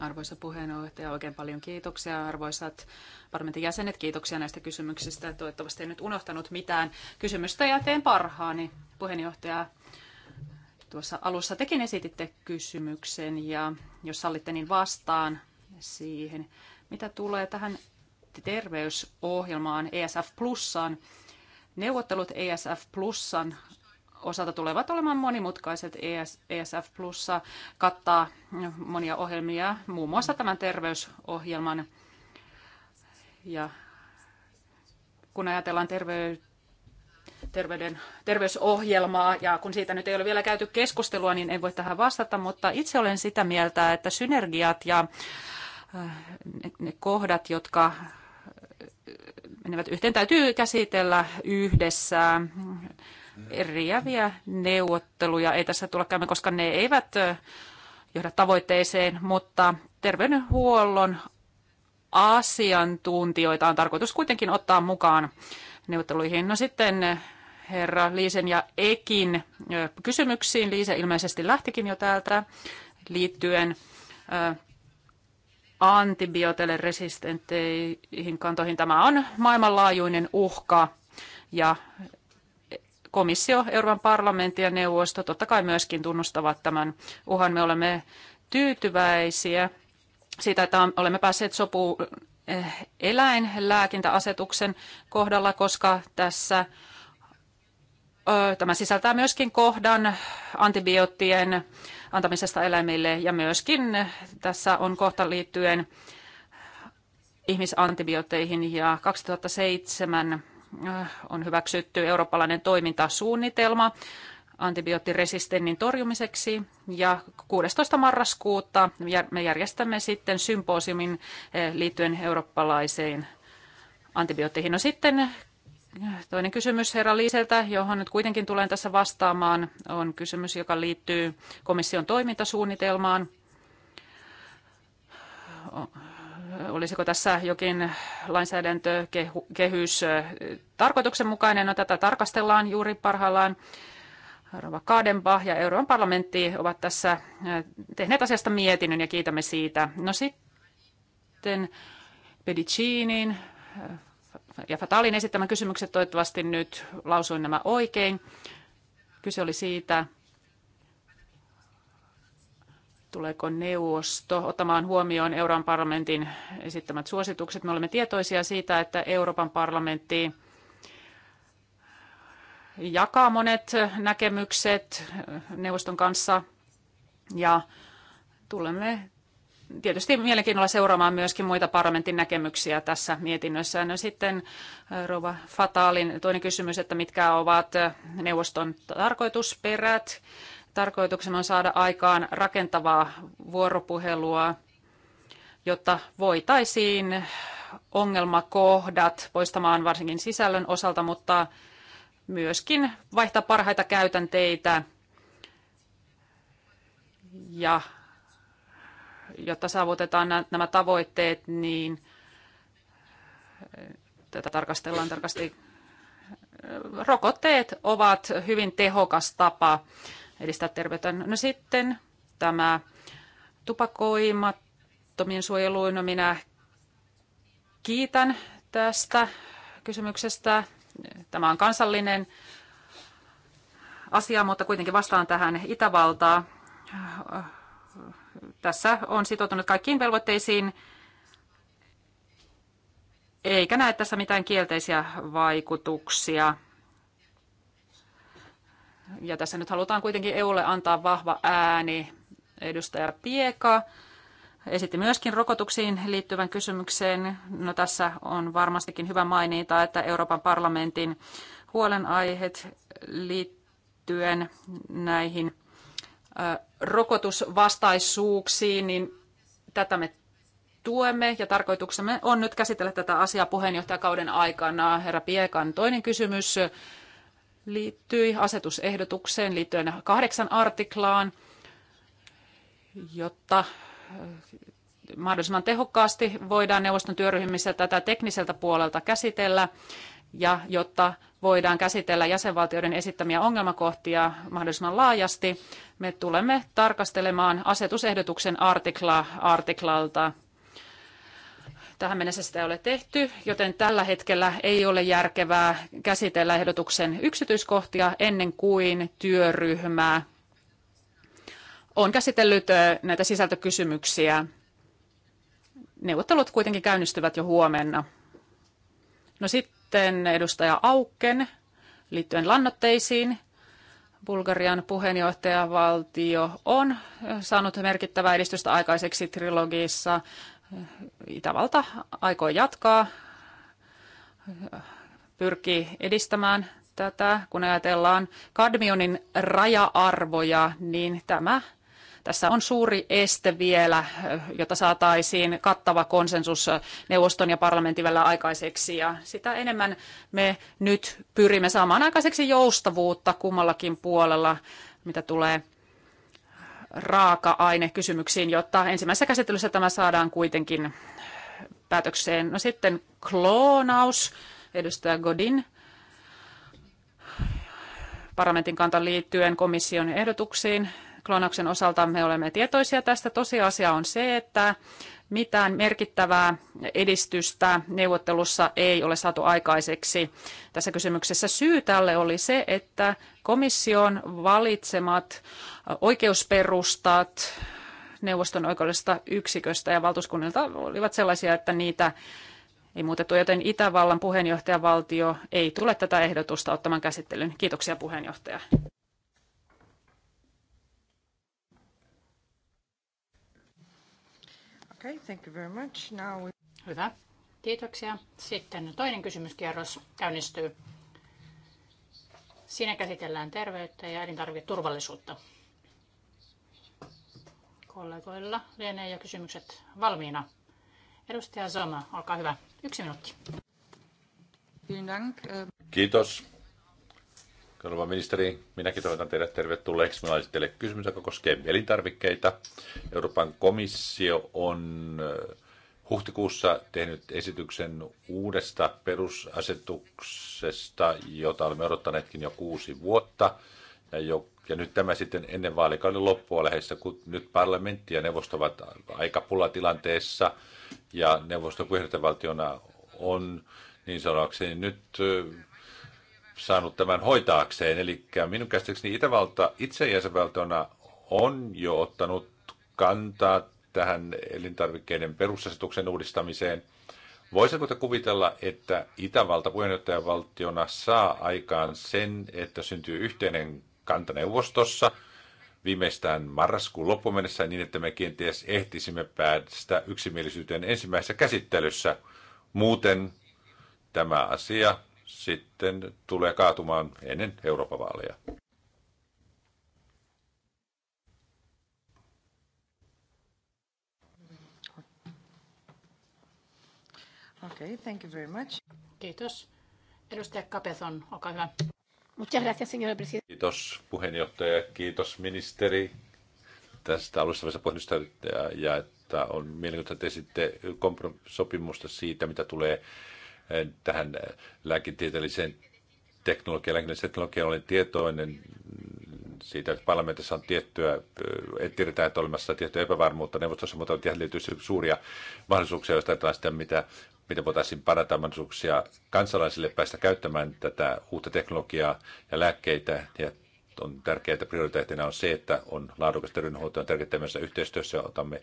Arvoisa puheenjohtaja, oikein paljon kiitoksia. Arvoisat parlamentin jäsenet, kiitoksia näistä kysymyksistä. Toivottavasti en nyt unohtanut mitään kysymystä ja teen parhaani. Puheenjohtaja, tuossa alussa tekin esititte kysymyksen ja jos sallitte, niin vastaan siihen, mitä tulee tähän terveysohjelmaan ESF Plussaan. Neuvottelut ESF Plussan osalta tulevat olemaan monimutkaiset. ESF e Plussa kattaa monia ohjelmia, muun muassa tämän terveysohjelman. Ja kun ajatellaan terveyttä, terveyden, terveysohjelmaa ja kun siitä nyt ei ole vielä käyty keskustelua, niin en voi tähän vastata, mutta itse olen sitä mieltä, että synergiat ja äh, ne kohdat, jotka menevät yhteen, täytyy käsitellä yhdessä eriäviä neuvotteluja. Ei tässä tulla käymään, koska ne eivät johda tavoitteeseen, mutta terveydenhuollon asiantuntijoita on tarkoitus kuitenkin ottaa mukaan neuvotteluihin. No sitten herra Liisen ja Ekin kysymyksiin. Liise ilmeisesti lähtikin jo täältä liittyen antibiooteille resistentteihin kantoihin. Tämä on maailmanlaajuinen uhka ja komissio, Euroopan parlamentti ja neuvosto totta kai myöskin tunnustavat tämän uhan. Me olemme tyytyväisiä siitä, että olemme päässeet sopuun eh, eläinlääkintäasetuksen kohdalla, koska tässä Tämä sisältää myöskin kohdan antibioottien antamisesta eläimille ja myöskin tässä on kohta liittyen ihmisantibiooteihin ja 2007 äh, on hyväksytty eurooppalainen toimintasuunnitelma antibioottiresistennin torjumiseksi ja 16. marraskuuta me järjestämme sitten symposiumin äh, liittyen eurooppalaiseen antibiootteihin. No sitten Toinen kysymys herra Liiseltä, johon nyt kuitenkin tulen tässä vastaamaan, on kysymys, joka liittyy komission toimintasuunnitelmaan. Olisiko tässä jokin lainsäädäntökehys tarkoituksenmukainen? No, tätä tarkastellaan juuri parhaillaan. Rova Kaadenbach ja Euroopan parlamentti ovat tässä äh, tehneet asiasta mietinnön ja kiitämme siitä. No sitten Pedicinin äh, ja Fatalin esittämän kysymykset. Toivottavasti nyt lausuin nämä oikein. Kyse oli siitä, tuleeko neuvosto ottamaan huomioon Euroopan parlamentin esittämät suositukset. Me olemme tietoisia siitä, että Euroopan parlamentti jakaa monet näkemykset neuvoston kanssa ja tulemme tietysti mielenkiinnolla seuraamaan myöskin muita parlamentin näkemyksiä tässä mietinnössä. No sitten äh, Rova Fataalin toinen kysymys, että mitkä ovat äh, neuvoston tarkoitusperät. Tarkoituksena on saada aikaan rakentavaa vuoropuhelua, jotta voitaisiin ongelmakohdat poistamaan varsinkin sisällön osalta, mutta myöskin vaihtaa parhaita käytänteitä ja jotta saavutetaan nämä tavoitteet, niin eh, tätä tarkastellaan tarkasti. Eh, rokotteet ovat hyvin tehokas tapa edistää terveyttä. No sitten tämä tupakoimattomien suojeluun, no minä kiitän tästä kysymyksestä. Tämä on kansallinen asia, mutta kuitenkin vastaan tähän Itävaltaa tässä on sitoutunut kaikkiin velvoitteisiin, eikä näe tässä mitään kielteisiä vaikutuksia. Ja tässä nyt halutaan kuitenkin EUlle antaa vahva ääni. Edustaja Pieka esitti myöskin rokotuksiin liittyvän kysymykseen. No tässä on varmastikin hyvä mainita, että Euroopan parlamentin huolenaiheet liittyen näihin rokotusvastaisuuksiin, niin tätä me tuemme ja tarkoituksemme on nyt käsitellä tätä asiaa puheenjohtajakauden aikana. Herra Piekan toinen kysymys liittyi asetusehdotukseen liittyen kahdeksan artiklaan, jotta mahdollisimman tehokkaasti voidaan neuvoston työryhmissä tätä tekniseltä puolelta käsitellä ja jotta voidaan käsitellä jäsenvaltioiden esittämiä ongelmakohtia mahdollisimman laajasti, me tulemme tarkastelemaan asetusehdotuksen artiklaa artiklalta. Tähän mennessä sitä ei ole tehty, joten tällä hetkellä ei ole järkevää käsitellä ehdotuksen yksityiskohtia ennen kuin työryhmää on käsitellyt näitä sisältökysymyksiä. Neuvottelut kuitenkin käynnistyvät jo huomenna. No sitten sitten edustaja Aukken liittyen lannoitteisiin. Bulgarian puheenjohtajavaltio on saanut merkittävää edistystä aikaiseksi trilogiissa. Itävalta aikoo jatkaa, pyrkii edistämään tätä. Kun ajatellaan kadmionin raja-arvoja, niin tämä tässä on suuri este vielä, jota saataisiin kattava konsensus neuvoston ja parlamentin välillä aikaiseksi. Ja sitä enemmän me nyt pyrimme saamaan aikaiseksi joustavuutta kummallakin puolella, mitä tulee raaka kysymyksiin jotta ensimmäisessä käsittelyssä tämä saadaan kuitenkin päätökseen. No sitten kloonaus, edustaja Godin parlamentin kanta liittyen komission ehdotuksiin kloonauksen osalta me olemme tietoisia tästä. Tosiasia on se, että mitään merkittävää edistystä neuvottelussa ei ole saatu aikaiseksi tässä kysymyksessä. Syy tälle oli se, että komission valitsemat oikeusperustat neuvoston oikeudellisesta yksiköstä ja valtuuskunnilta olivat sellaisia, että niitä ei muutettu, joten Itävallan puheenjohtajavaltio ei tule tätä ehdotusta ottamaan käsittelyyn. Kiitoksia puheenjohtaja. Okay, thank you very much. Now we... Hyvä. Kiitoksia. Sitten toinen kysymyskierros käynnistyy. Siinä käsitellään terveyttä ja elintarviketurvallisuutta. Kollegoilla lienee jo kysymykset valmiina. Edustaja Soma, olkaa hyvä. Yksi minuutti. Kiitos. Rouva ministeri, minäkin toivotan teidät tervetulleeksi. Meillä olisi teille kysymys, joka koskee elintarvikkeita. Euroopan komissio on äh, huhtikuussa tehnyt esityksen uudesta perusasetuksesta, jota olemme odottaneetkin jo kuusi vuotta. Ja, jo, ja nyt tämä sitten ennen vaalikauden loppua lähessä, kun nyt parlamentti ja neuvosto ovat aika tilanteessa ja neuvosto puheenjohtajavaltiona on niin sanoakseni nyt äh, saanut tämän hoitaakseen. Eli minun käsitykseni Itävalta itse jäsenvaltiona on jo ottanut kantaa tähän elintarvikkeiden perusasetuksen uudistamiseen. Voisiko te kuvitella, että Itävalta puheenjohtajavaltiona saa aikaan sen, että syntyy yhteinen kanta neuvostossa viimeistään marraskuun loppuun mennessä niin, että me kenties ehtisimme päästä yksimielisyyteen ensimmäisessä käsittelyssä. Muuten tämä asia sitten tulee kaatumaan ennen Euroopan vaaleja. Okay, thank you very much. Kiitos. Edustaja Kapethon, olkaa hyvä. Muchas gracias, señor presidente. Kiitos puheenjohtaja, kiitos ministeri tästä alustavasta puheenjohtaja ja, ja että on mielenkiintoista, että esitte sopimusta siitä, mitä tulee tähän lääketieteelliseen teknologiaan. Lääketieteelliseen teknologiaan olen tietoinen siitä, että parlamentissa on tiettyä, että tiedetä, että olemassa tiettyä epävarmuutta neuvostossa, mutta on tietysti suuria mahdollisuuksia, joista ajatellaan sitä, mitä, mitä voitaisiin parantaa mahdollisuuksia kansalaisille päästä käyttämään tätä uutta teknologiaa ja lääkkeitä. Ja on tärkeää, että prioriteettina on se, että on laadukas terveydenhuolto, on tärkeää myös yhteistyössä otamme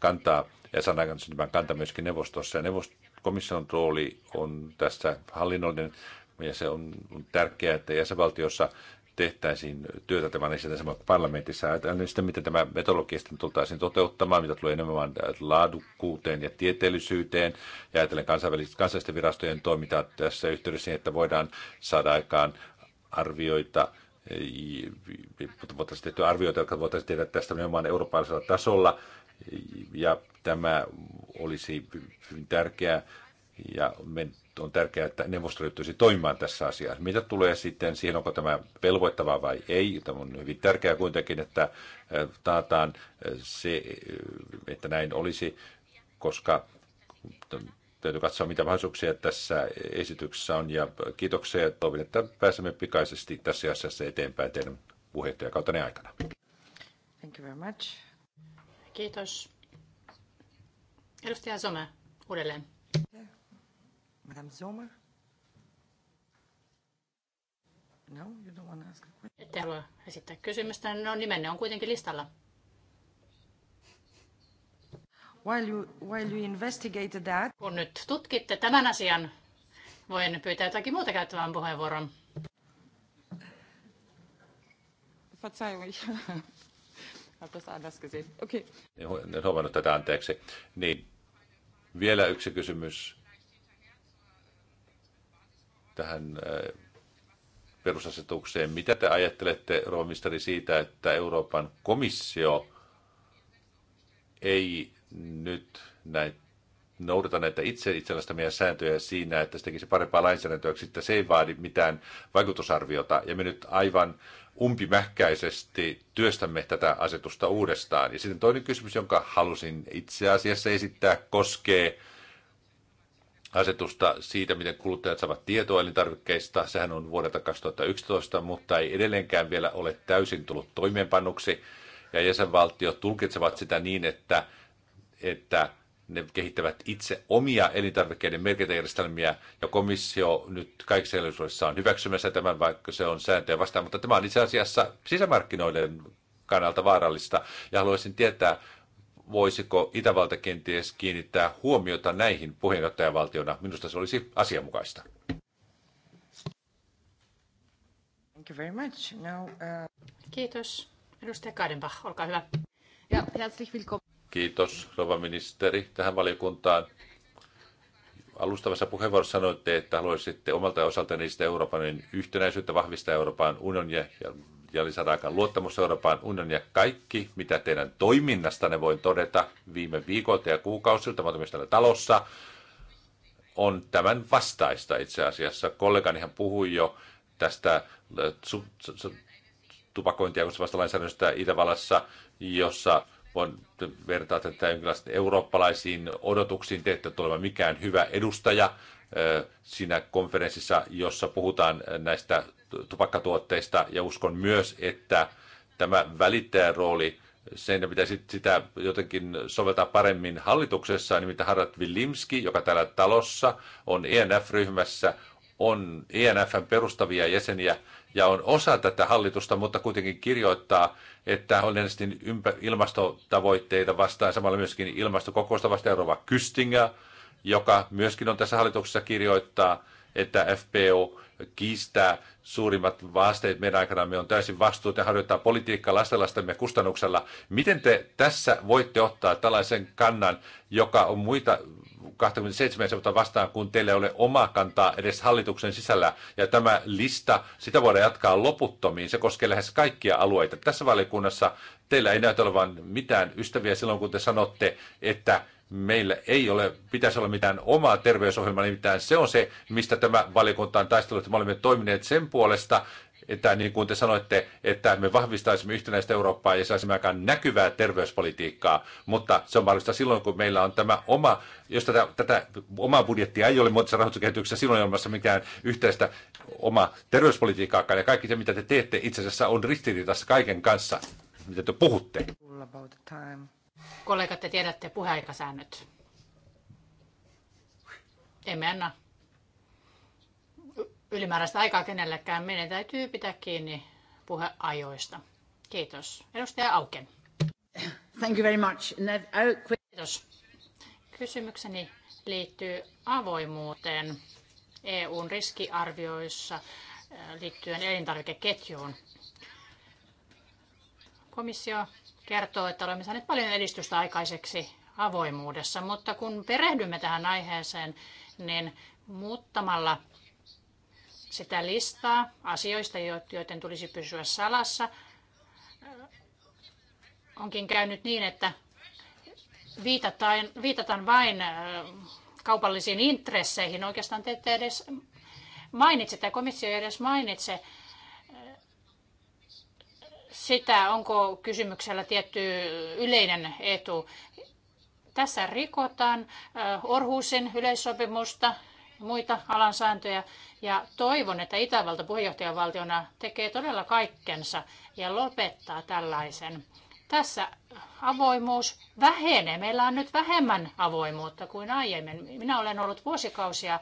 kantaa ja sanan kantaa myöskin neuvostossa. Ja neuvosto Komission rooli on tässä hallinnollinen ja se on tärkeää, että jäsenvaltiossa tehtäisiin työtä tämän esittämisen parlamentissa. Ajatellaan sitä, miten tämä metodologia sitten tultaisiin toteuttamaan, mitä tulee enemmän laadukkuuteen ja tieteellisyyteen. Ja ajatellen kansainvälisten virastojen toimintaa tässä yhteydessä, että voidaan saada aikaan arvioita, voitaisiin tehdä arvioita, jotka voitaisiin tehdä tästä nimenomaan eurooppalaisella tasolla ja tämä olisi hyvin tärkeää ja on tärkeää, että neuvostoliitto olisi toimimaan tässä asiassa. Mitä tulee sitten siihen, onko tämä velvoittavaa vai ei, tämä on hyvin tärkeää kuitenkin, että taataan se, että näin olisi, koska täytyy katsoa, mitä mahdollisuuksia tässä esityksessä on. Ja kiitoksia ja toivon, että pääsemme pikaisesti tässä asiassa eteenpäin teidän puheenjohtajakautenne aikana. Thank you very much. Kiitos. Edustaja Soma, uudelleen. Madame Soma? No, you don't want to ask a Ette halua esittää kysymystä. No nimenne on kuitenkin listalla. While you, while you investigate that... Kun nyt tutkitte tämän asian, voin pyytää jotakin muuta käyttävän puheenvuoron. Fatsailui. Habe das äsken Okei. Okay. En niin, huomannut tätä, anteeksi. Niin, vielä yksi kysymys tähän äh, perusasetukseen. Mitä te ajattelette, roomisteri, siitä, että Euroopan komissio ei nyt näitä noudata näitä itse itsellästämiä sääntöjä siinä, että se tekisi parempaa lainsäädäntöä, että se ei vaadi mitään vaikutusarviota. Ja me nyt aivan umpimähkäisesti työstämme tätä asetusta uudestaan. Ja sitten toinen kysymys, jonka halusin itse asiassa esittää, koskee asetusta siitä, miten kuluttajat saavat tietoa elintarvikkeista. Sehän on vuodelta 2011, mutta ei edelleenkään vielä ole täysin tullut toimeenpannuksi. Ja jäsenvaltiot tulkitsevat sitä niin, että, että ne kehittävät itse omia elintarvikkeiden merkintäjärjestelmiä, ja komissio nyt kaikissa edellisuudessa on hyväksymässä tämän, vaikka se on sääntöjä vastaan, mutta tämä on itse asiassa sisämarkkinoiden kannalta vaarallista, ja haluaisin tietää, voisiko Itävalta kenties kiinnittää huomiota näihin puheenjohtajavaltiona. Minusta se olisi asianmukaista. Thank you very much. Now, uh... Kiitos. Edustaja Kadenbach, olkaa hyvä. Ja herzlich willkommen. Kiitos, rouva ministeri, tähän valiokuntaan. Alustavassa puheenvuorossa sanoitte, että haluaisitte omalta osalta niistä Euroopan yhtenäisyyttä vahvistaa Euroopan unionia ja, ja lisätä aikaan luottamus Euroopan unionia. Kaikki, mitä teidän toiminnastanne voin todeta viime viikolta ja kuukausilta, mutta myös täällä talossa, on tämän vastaista itse asiassa. Kolleganihan puhui jo tästä äh, tupakointia koskevasta lainsäädännöstä Itävallassa, jossa vertaa tätä jonkinlaista eurooppalaisiin odotuksiin, te ette ole mikään hyvä edustaja äh, siinä konferenssissa, jossa puhutaan näistä tupakkatuotteista, ja uskon myös, että tämä välittäjän rooli, sen pitäisi sitä jotenkin soveltaa paremmin hallituksessa, nimittäin Harald Vilimski, joka täällä talossa on ENF-ryhmässä, on ENFn perustavia jäseniä, ja on osa tätä hallitusta, mutta kuitenkin kirjoittaa, että on ensin ympä- ilmastotavoitteita vastaan, samalla myöskin ilmastokokousta vastaan Rova Kystinger, joka myöskin on tässä hallituksessa kirjoittaa, että FPO kiistää suurimmat vasteet meidän me on täysin vastuut ja harjoittaa politiikkaa lastenlastemme kustannuksella. Miten te tässä voitte ottaa tällaisen kannan, joka on muita 27 jäsenvaltiota vastaan, kun teillä ei ole omaa kantaa edes hallituksen sisällä. Ja tämä lista, sitä voidaan jatkaa loputtomiin. Se koskee lähes kaikkia alueita. Tässä valiokunnassa teillä ei näytä olevan mitään ystäviä silloin, kun te sanotte, että meillä ei ole, pitäisi olla mitään omaa terveysohjelmaa, nimittäin se on se, mistä tämä valiokunta on taistellut, että me olemme toimineet sen puolesta, että niin kuin te sanoitte, että me vahvistaisimme yhtenäistä Eurooppaa ja saisimme aikaan näkyvää terveyspolitiikkaa, mutta se on mahdollista silloin, kun meillä on tämä oma, jos tätä, tätä omaa budjettia ei ole muodossa rahoituskehityksessä, silloin ei ole olemassa mikään yhteistä oma terveyspolitiikkaa, ja kaikki se, mitä te teette, itse asiassa on ristiriidassa kaiken kanssa, mitä te puhutte. Kollegat, te tiedätte puheaikasäännöt. Emme anna ylimääräistä aikaa kenellekään. Meidän täytyy pitää kiinni puheajoista. Kiitos. Edustaja Auken. Thank you very much. Kiitos. Kysymykseni liittyy avoimuuteen EUn riskiarvioissa eh, liittyen elintarvikeketjuun. Komissio kertoo, että olemme saaneet paljon edistystä aikaiseksi avoimuudessa, mutta kun perehdymme tähän aiheeseen, niin muuttamalla sitä listaa asioista, joiden tulisi pysyä salassa. Onkin käynyt niin, että viitataan, viitataan vain kaupallisiin intresseihin. Oikeastaan te ette edes mainitse, tai komissio ei edes mainitse sitä, onko kysymyksellä tietty yleinen etu. Tässä rikotaan Orhusin yleissopimusta, muita alan sääntöjä ja toivon, että Itävalta puheenjohtajavaltiona tekee todella kaikkensa ja lopettaa tällaisen. Tässä avoimuus vähenee. Meillä on nyt vähemmän avoimuutta kuin aiemmin. Minä olen ollut vuosikausia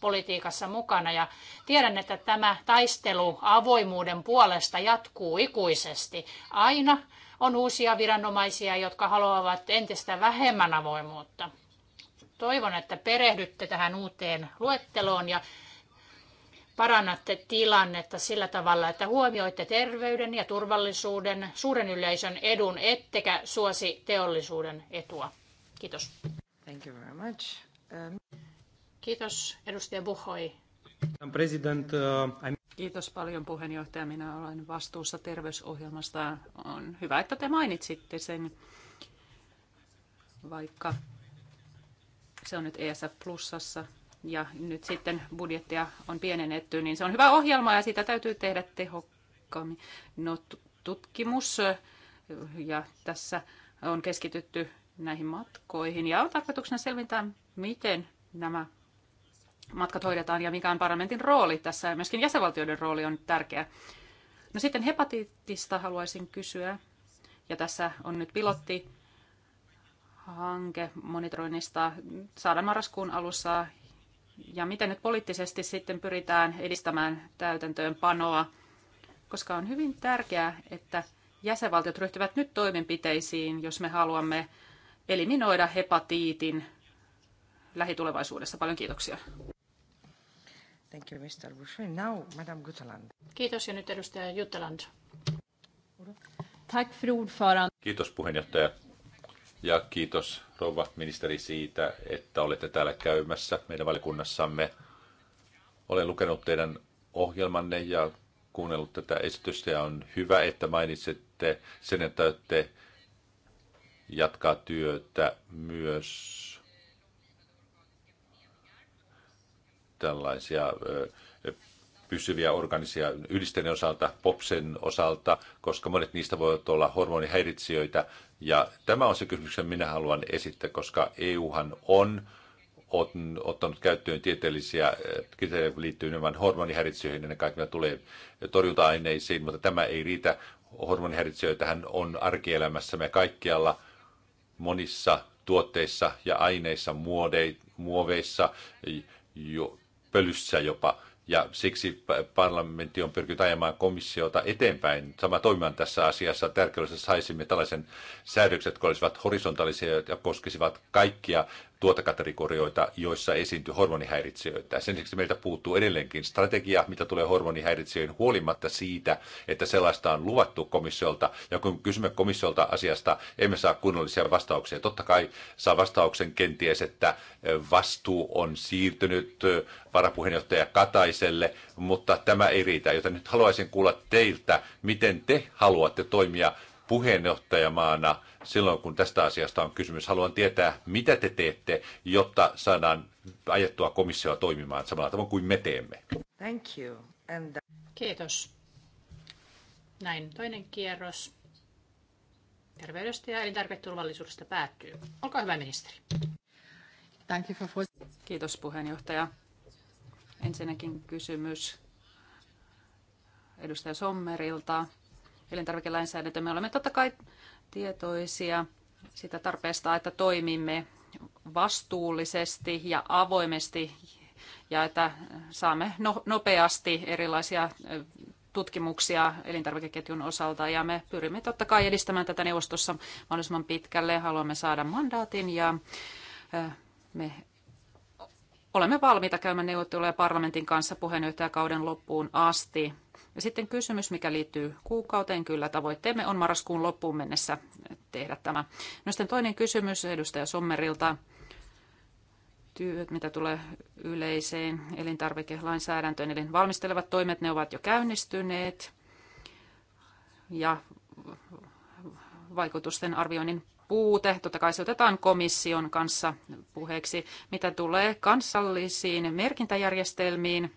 politiikassa mukana ja tiedän, että tämä taistelu avoimuuden puolesta jatkuu ikuisesti. Aina on uusia viranomaisia, jotka haluavat entistä vähemmän avoimuutta. Toivon, että perehdytte tähän uuteen luetteloon ja parannatte tilannetta sillä tavalla, että huomioitte terveyden ja turvallisuuden, suuren yleisön edun, ettekä suosi teollisuuden etua. Kiitos. Thank you very much. Um... Kiitos, edustaja Buhoi. President, uh, Kiitos paljon puheenjohtaja. Minä olen vastuussa terveysohjelmasta. On hyvä, että te mainitsitte sen, vaikka se on nyt ESF Plusassa ja nyt sitten budjettia on pienennetty, niin se on hyvä ohjelma ja sitä täytyy tehdä tehokkaammin. No, tutkimus ja tässä on keskitytty näihin matkoihin ja on tarkoituksena selvittää, miten nämä matkat hoidetaan ja mikä on parlamentin rooli tässä ja myöskin jäsenvaltioiden rooli on tärkeä. No sitten hepatiitista haluaisin kysyä ja tässä on nyt pilotti hanke monitoroinnista saada marraskuun alussa ja miten nyt poliittisesti sitten pyritään edistämään täytäntöönpanoa, koska on hyvin tärkeää, että jäsenvaltiot ryhtyvät nyt toimenpiteisiin, jos me haluamme eliminoida hepatiitin lähitulevaisuudessa. Paljon kiitoksia. Thank you, Mr. Bushman. Now, Madam Gutteland. Kiitos ja nyt edustaja Jutteland. Tack för Kiitos puheenjohtaja. Ja kiitos rouva ministeri siitä, että olette täällä käymässä meidän valikunnassamme. Olen lukenut teidän ohjelmanne ja kuunnellut tätä esitystä ja on hyvä, että mainitsette sen, että olette jatkaa työtä myös tällaisia pysyviä organisia yhdisteiden osalta, popsen osalta, koska monet niistä voivat olla hormonihäiritsijöitä. Ja tämä on se kysymys, jonka minä haluan esittää, koska EUhan on ottanut käyttöön tieteellisiä eh, kriteerejä liittyen enemmän hormonihäiritsijöihin, ennen kaikkea tulee torjunta-aineisiin, mutta tämä ei riitä. Hormonihäiritsijöitähän on me kaikkialla monissa tuotteissa ja aineissa, muodeissa, muoveissa, jo, pölyssä jopa – ja siksi parlamentti on pyrkinyt ajamaan komissiota eteenpäin sama toimimaan tässä asiassa. Tärkeää että saisimme tällaisen säädökset, jotka olisivat horisontaalisia ja koskisivat kaikkia tuotekategorioita, joissa esiintyy hormonihäiritsijöitä. Sen lisäksi meiltä puuttuu edelleenkin strategia, mitä tulee hormonihäiritsijöihin, huolimatta siitä, että sellaista on luvattu komissiolta. Ja kun kysymme komissiolta asiasta, emme saa kunnollisia vastauksia. Totta kai saa vastauksen kenties, että vastuu on siirtynyt varapuheenjohtaja Kataiselle, mutta tämä ei riitä. Joten nyt haluaisin kuulla teiltä, miten te haluatte toimia puheenjohtajamaana – silloin, kun tästä asiasta on kysymys. Haluan tietää, mitä te teette, jotta saadaan ajettua komissioa toimimaan samalla tavalla kuin me teemme. Thank you. And... Uh, Kiitos. Näin toinen kierros terveydestä ja elintarviketurvallisuudesta päättyy. Olkaa hyvä ministeri. Thank you for Kiitos puheenjohtaja. Ensinnäkin kysymys edustaja Sommerilta. Elintarvikelainsäädäntö. Me olemme totta kai tietoisia sitä tarpeesta, että toimimme vastuullisesti ja avoimesti ja että saamme no, nopeasti erilaisia tutkimuksia elintarvikeketjun osalta ja me pyrimme totta kai edistämään tätä neuvostossa mahdollisimman pitkälle. Haluamme saada mandaatin ja me olemme valmiita käymään neuvotteluja parlamentin kanssa puheenjohtajakauden loppuun asti. Ja sitten kysymys, mikä liittyy kuukauteen. Kyllä tavoitteemme on marraskuun loppuun mennessä tehdä tämä. No sitten toinen kysymys edustaja Sommerilta. Työt, mitä tulee yleiseen elintarvikelainsäädäntöön, eli valmistelevat toimet, ne ovat jo käynnistyneet. Ja vaikutusten arvioinnin puute. Totta kai se otetaan komission kanssa puheeksi, mitä tulee kansallisiin merkintäjärjestelmiin.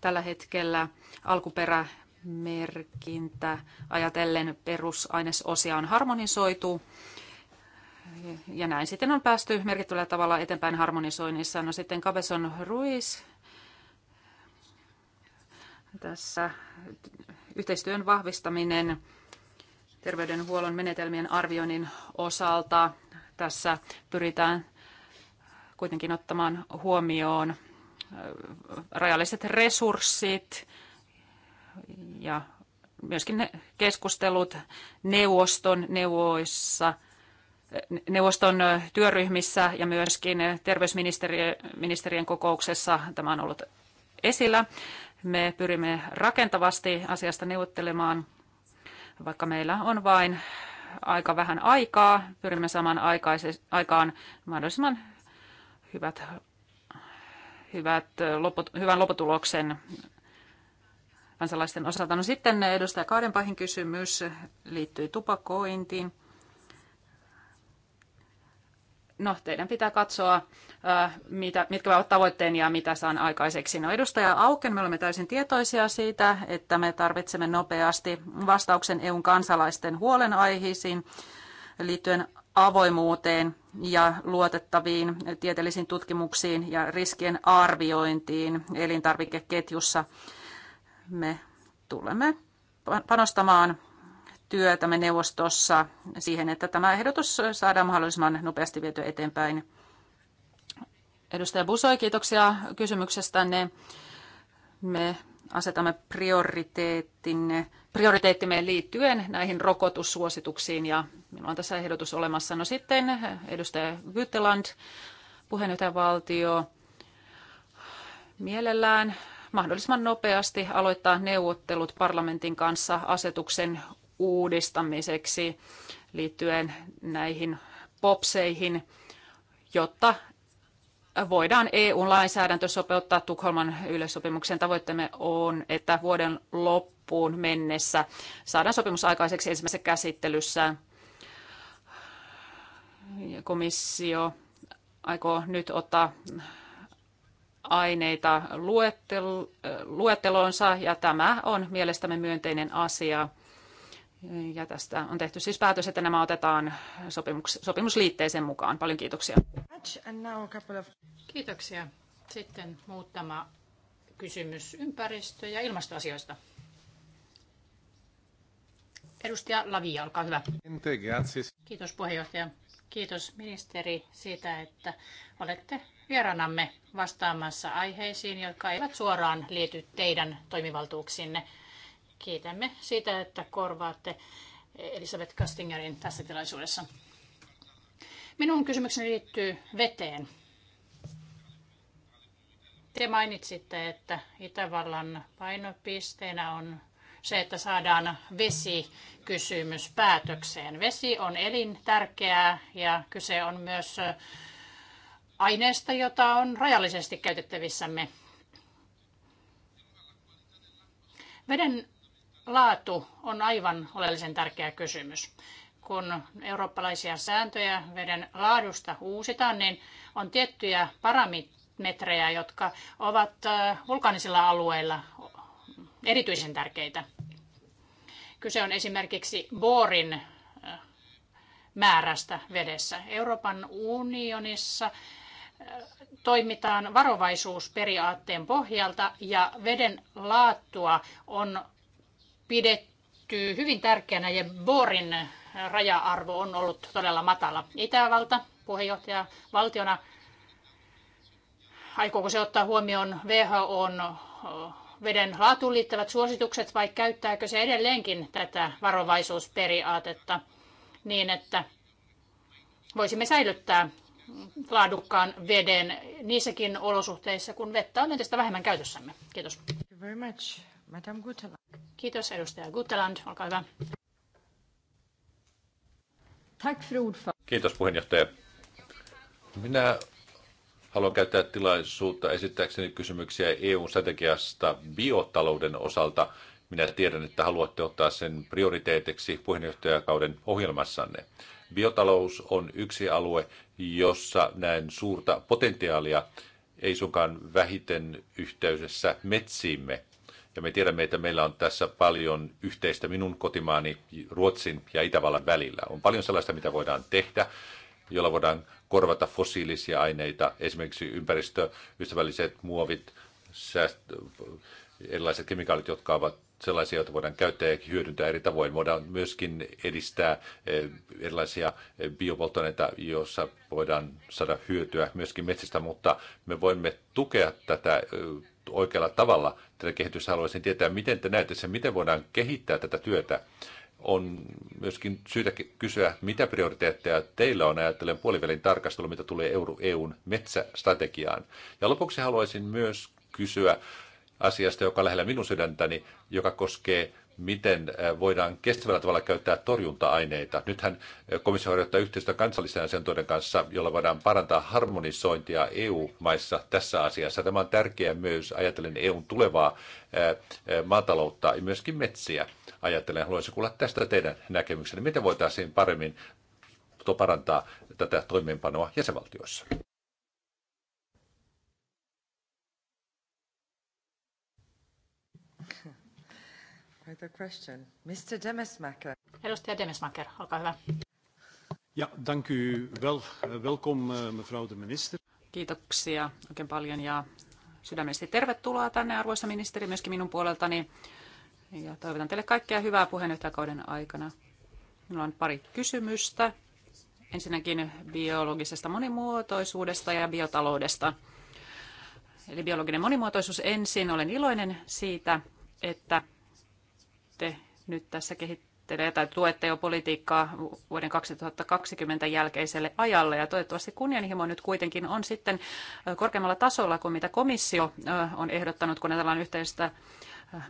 Tällä hetkellä alkuperämerkintä ajatellen perusainesosia on harmonisoitu. Ja näin sitten on päästy merkittävällä tavalla eteenpäin harmonisoinnissa. No sitten Cabezon Ruiz tässä yhteistyön vahvistaminen terveydenhuollon menetelmien arvioinnin osalta. Tässä pyritään kuitenkin ottamaan huomioon äh, rajalliset resurssit ja myöskin ne keskustelut neuvoston neuvoissa, äh, neuvoston äh, työryhmissä ja myöskin terveysministerien kokouksessa tämä on ollut esillä. Me pyrimme rakentavasti asiasta neuvottelemaan vaikka meillä on vain aika vähän aikaa, pyrimme saman aikaan mahdollisimman hyvät, hyvät loput, hyvän lopputuloksen kansalaisten osalta. No sitten edustaja Kaadenpahin kysymys liittyy tupakointiin no, teidän pitää katsoa, mitä, mitkä ovat tavoitteen ja mitä saan aikaiseksi. No, edustaja Auken, me olemme täysin tietoisia siitä, että me tarvitsemme nopeasti vastauksen EUn kansalaisten huolenaiheisiin liittyen avoimuuteen ja luotettaviin tieteellisiin tutkimuksiin ja riskien arviointiin elintarvikeketjussa. Me tulemme panostamaan työtämme neuvostossa siihen, että tämä ehdotus saadaan mahdollisimman nopeasti viety eteenpäin. Edustaja Busoi, kiitoksia kysymyksestänne. Me asetamme prioriteettimme liittyen näihin rokotussuosituksiin ja minulla on tässä ehdotus olemassa. No sitten edustaja Gytteland, puheenjohtajavaltio, mielellään mahdollisimman nopeasti aloittaa neuvottelut parlamentin kanssa asetuksen uudistamiseksi liittyen näihin popseihin, jotta voidaan EU-lainsäädäntö sopeuttaa Tukholman yleissopimuksen. Tavoitteemme on, että vuoden loppuun mennessä saadaan sopimus aikaiseksi ensimmäisessä käsittelyssä. Komissio aikoo nyt ottaa aineita luettelonsa ja tämä on mielestämme myönteinen asia. Ja tästä on tehty siis päätös, että nämä otetaan sopimus, sopimusliitteeseen mukaan. Paljon kiitoksia. Kiitoksia. Sitten muutama kysymys ympäristö- ja ilmastoasioista. Edustaja Lavi, olkaa hyvä. Kiitos puheenjohtaja. Kiitos ministeri siitä, että olette vieraanamme vastaamassa aiheisiin, jotka eivät suoraan liity teidän toimivaltuuksinne. Kiitämme siitä, että korvaatte Elisabeth Kastingerin tässä tilaisuudessa. Minun kysymykseni liittyy veteen. Te mainitsitte, että Itävallan painopisteenä on se, että saadaan vesikysymys päätökseen. Vesi on elintärkeää ja kyse on myös aineesta, jota on rajallisesti käytettävissämme. Veden laatu on aivan oleellisen tärkeä kysymys. Kun eurooppalaisia sääntöjä veden laadusta uusitaan, niin on tiettyjä parametrejä, jotka ovat vulkaanisilla alueilla erityisen tärkeitä. Kyse on esimerkiksi boorin määrästä vedessä. Euroopan unionissa toimitaan varovaisuusperiaatteen pohjalta ja veden laatua on pidetty hyvin tärkeänä ja Borin raja-arvo on ollut todella matala. Itävalta puheenjohtaja valtiona aikooko se ottaa huomioon WHOn veden laatuun liittyvät suositukset vai käyttääkö se edelleenkin tätä varovaisuusperiaatetta niin, että voisimme säilyttää laadukkaan veden niissäkin olosuhteissa, kun vettä on entistä vähemmän käytössämme. Kiitos. Madame Guteland. Kiitos edustaja Guteland, olkaa hyvä. Tack Kiitos puheenjohtaja. Minä haluan käyttää tilaisuutta esittääkseni kysymyksiä EU-strategiasta biotalouden osalta. Minä tiedän, että haluatte ottaa sen prioriteetiksi puheenjohtajakauden ohjelmassanne. Biotalous on yksi alue, jossa näen suurta potentiaalia, ei suinkaan vähiten yhteydessä metsiimme. Ja me tiedämme, että meillä on tässä paljon yhteistä minun kotimaani Ruotsin ja Itävallan välillä. On paljon sellaista, mitä voidaan tehdä, jolla voidaan korvata fossiilisia aineita, esimerkiksi ympäristöystävälliset muovit, sääst- erilaiset kemikaalit, jotka ovat sellaisia, joita voidaan käyttää ja hyödyntää eri tavoin. Voidaan myöskin edistää eh, erilaisia eh, biopolttoaineita, joissa voidaan saada hyötyä myöskin metsistä, mutta me voimme tukea tätä eh, oikealla tavalla tätä kehitystä. Haluaisin tietää, miten te näette sen, miten voidaan kehittää tätä työtä. On myöskin syytä kysyä, mitä prioriteetteja teillä on ajattelen puolivälin tarkastelu, mitä tulee Euro EUn metsästrategiaan. Ja lopuksi haluaisin myös kysyä asiasta, joka on lähellä minun sydäntäni, joka koskee miten äh, voidaan kestävällä tavalla käyttää torjunta-aineita. Nythän äh, komissio harjoittaa yhteistyötä kansallisen asiantuntijan kanssa, jolla voidaan parantaa harmonisointia EU-maissa tässä asiassa. Tämä on tärkeää myös ajatellen EUn tulevaa äh, maataloutta ja myöskin metsiä. Ajattelen, haluaisin kuulla tästä teidän näkemyksenne. Miten voitaisiin paremmin parantaa tätä toimeenpanoa jäsenvaltioissa? Further question. Mr. Demesmaker. Edustaja Demesmaker, olkaa hyvä. Ja, dank u wel. Eh, welkom, eh, mevrouw de minister. Kiitoksia oikein paljon ja sydämellisesti tervetuloa tänne, arvoisa ministeri, myöskin minun puoleltani. Ja toivotan teille kaikkea hyvää puheenjohtajakauden aikana. Minulla on pari kysymystä. Ensinnäkin biologisesta monimuotoisuudesta ja biotaloudesta. Eli biologinen monimuotoisuus ensin. Olen iloinen siitä, että te nyt tässä kehittelee tai tuette jo politiikkaa vuoden 2020 jälkeiselle ajalle. Ja toivottavasti kunnianhimo nyt kuitenkin on sitten korkeammalla tasolla kuin mitä komissio on ehdottanut, kun ajatellaan yhteistä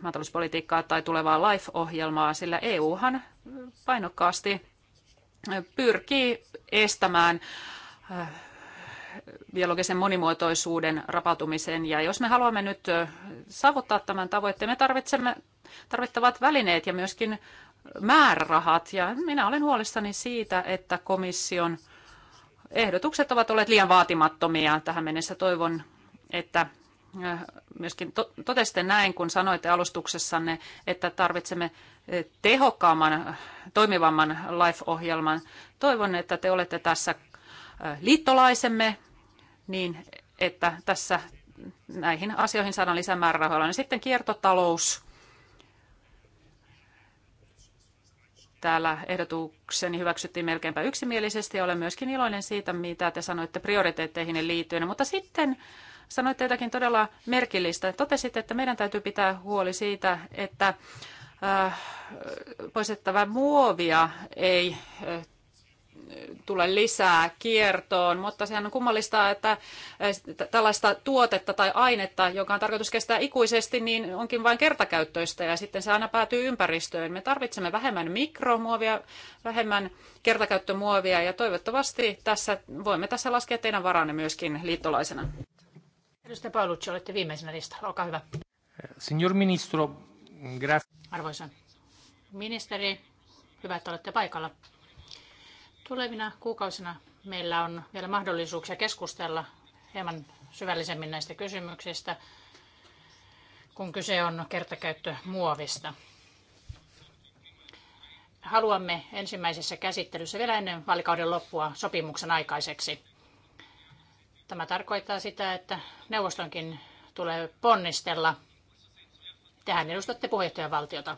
maatalouspolitiikkaa tai tulevaa LIFE-ohjelmaa, sillä EUhan painokkaasti pyrkii estämään biologisen monimuotoisuuden rapautumisen. Ja jos me haluamme nyt saavuttaa tämän tavoitteen, me tarvitsemme tarvittavat välineet ja myöskin määrärahat. Ja minä olen huolissani siitä, että komission ehdotukset ovat olleet liian vaatimattomia tähän mennessä. Toivon, että myöskin totesitte näin, kun sanoitte alustuksessanne, että tarvitsemme tehokkaamman, toimivamman LIFE-ohjelman. Toivon, että te olette tässä liittolaisemme niin, että tässä näihin asioihin saadaan lisää määrärahoilla. Niin no sitten kiertotalous. Täällä ehdotukseni hyväksyttiin melkeinpä yksimielisesti ja olen myöskin iloinen siitä, mitä te sanoitte prioriteetteihin liittyen. Mutta sitten sanoitte jotakin todella merkillistä. Totesitte, että meidän täytyy pitää huoli siitä, että äh, poistettava muovia ei äh, tule lisää kiertoon, mutta sehän on kummallista, että tällaista tuotetta tai ainetta, joka on tarkoitus kestää ikuisesti, niin onkin vain kertakäyttöistä ja sitten se aina päätyy ympäristöön. Me tarvitsemme vähemmän mikromuovia, vähemmän kertakäyttömuovia ja toivottavasti tässä voimme tässä laskea teidän varanne myöskin liittolaisena. Edustaja Paulucci, olette viimeisenä listalla. Olkaa hyvä. Signor Ministro, grazie. Arvoisa ministeri, hyvä, että olette paikalla. Tulevina kuukausina meillä on vielä mahdollisuuksia keskustella hieman syvällisemmin näistä kysymyksistä, kun kyse on kertakäyttömuovista. Haluamme ensimmäisessä käsittelyssä vielä ennen vaalikauden loppua sopimuksen aikaiseksi. Tämä tarkoittaa sitä, että neuvostonkin tulee ponnistella. Tehän edustatte puheenjohtajavaltiota.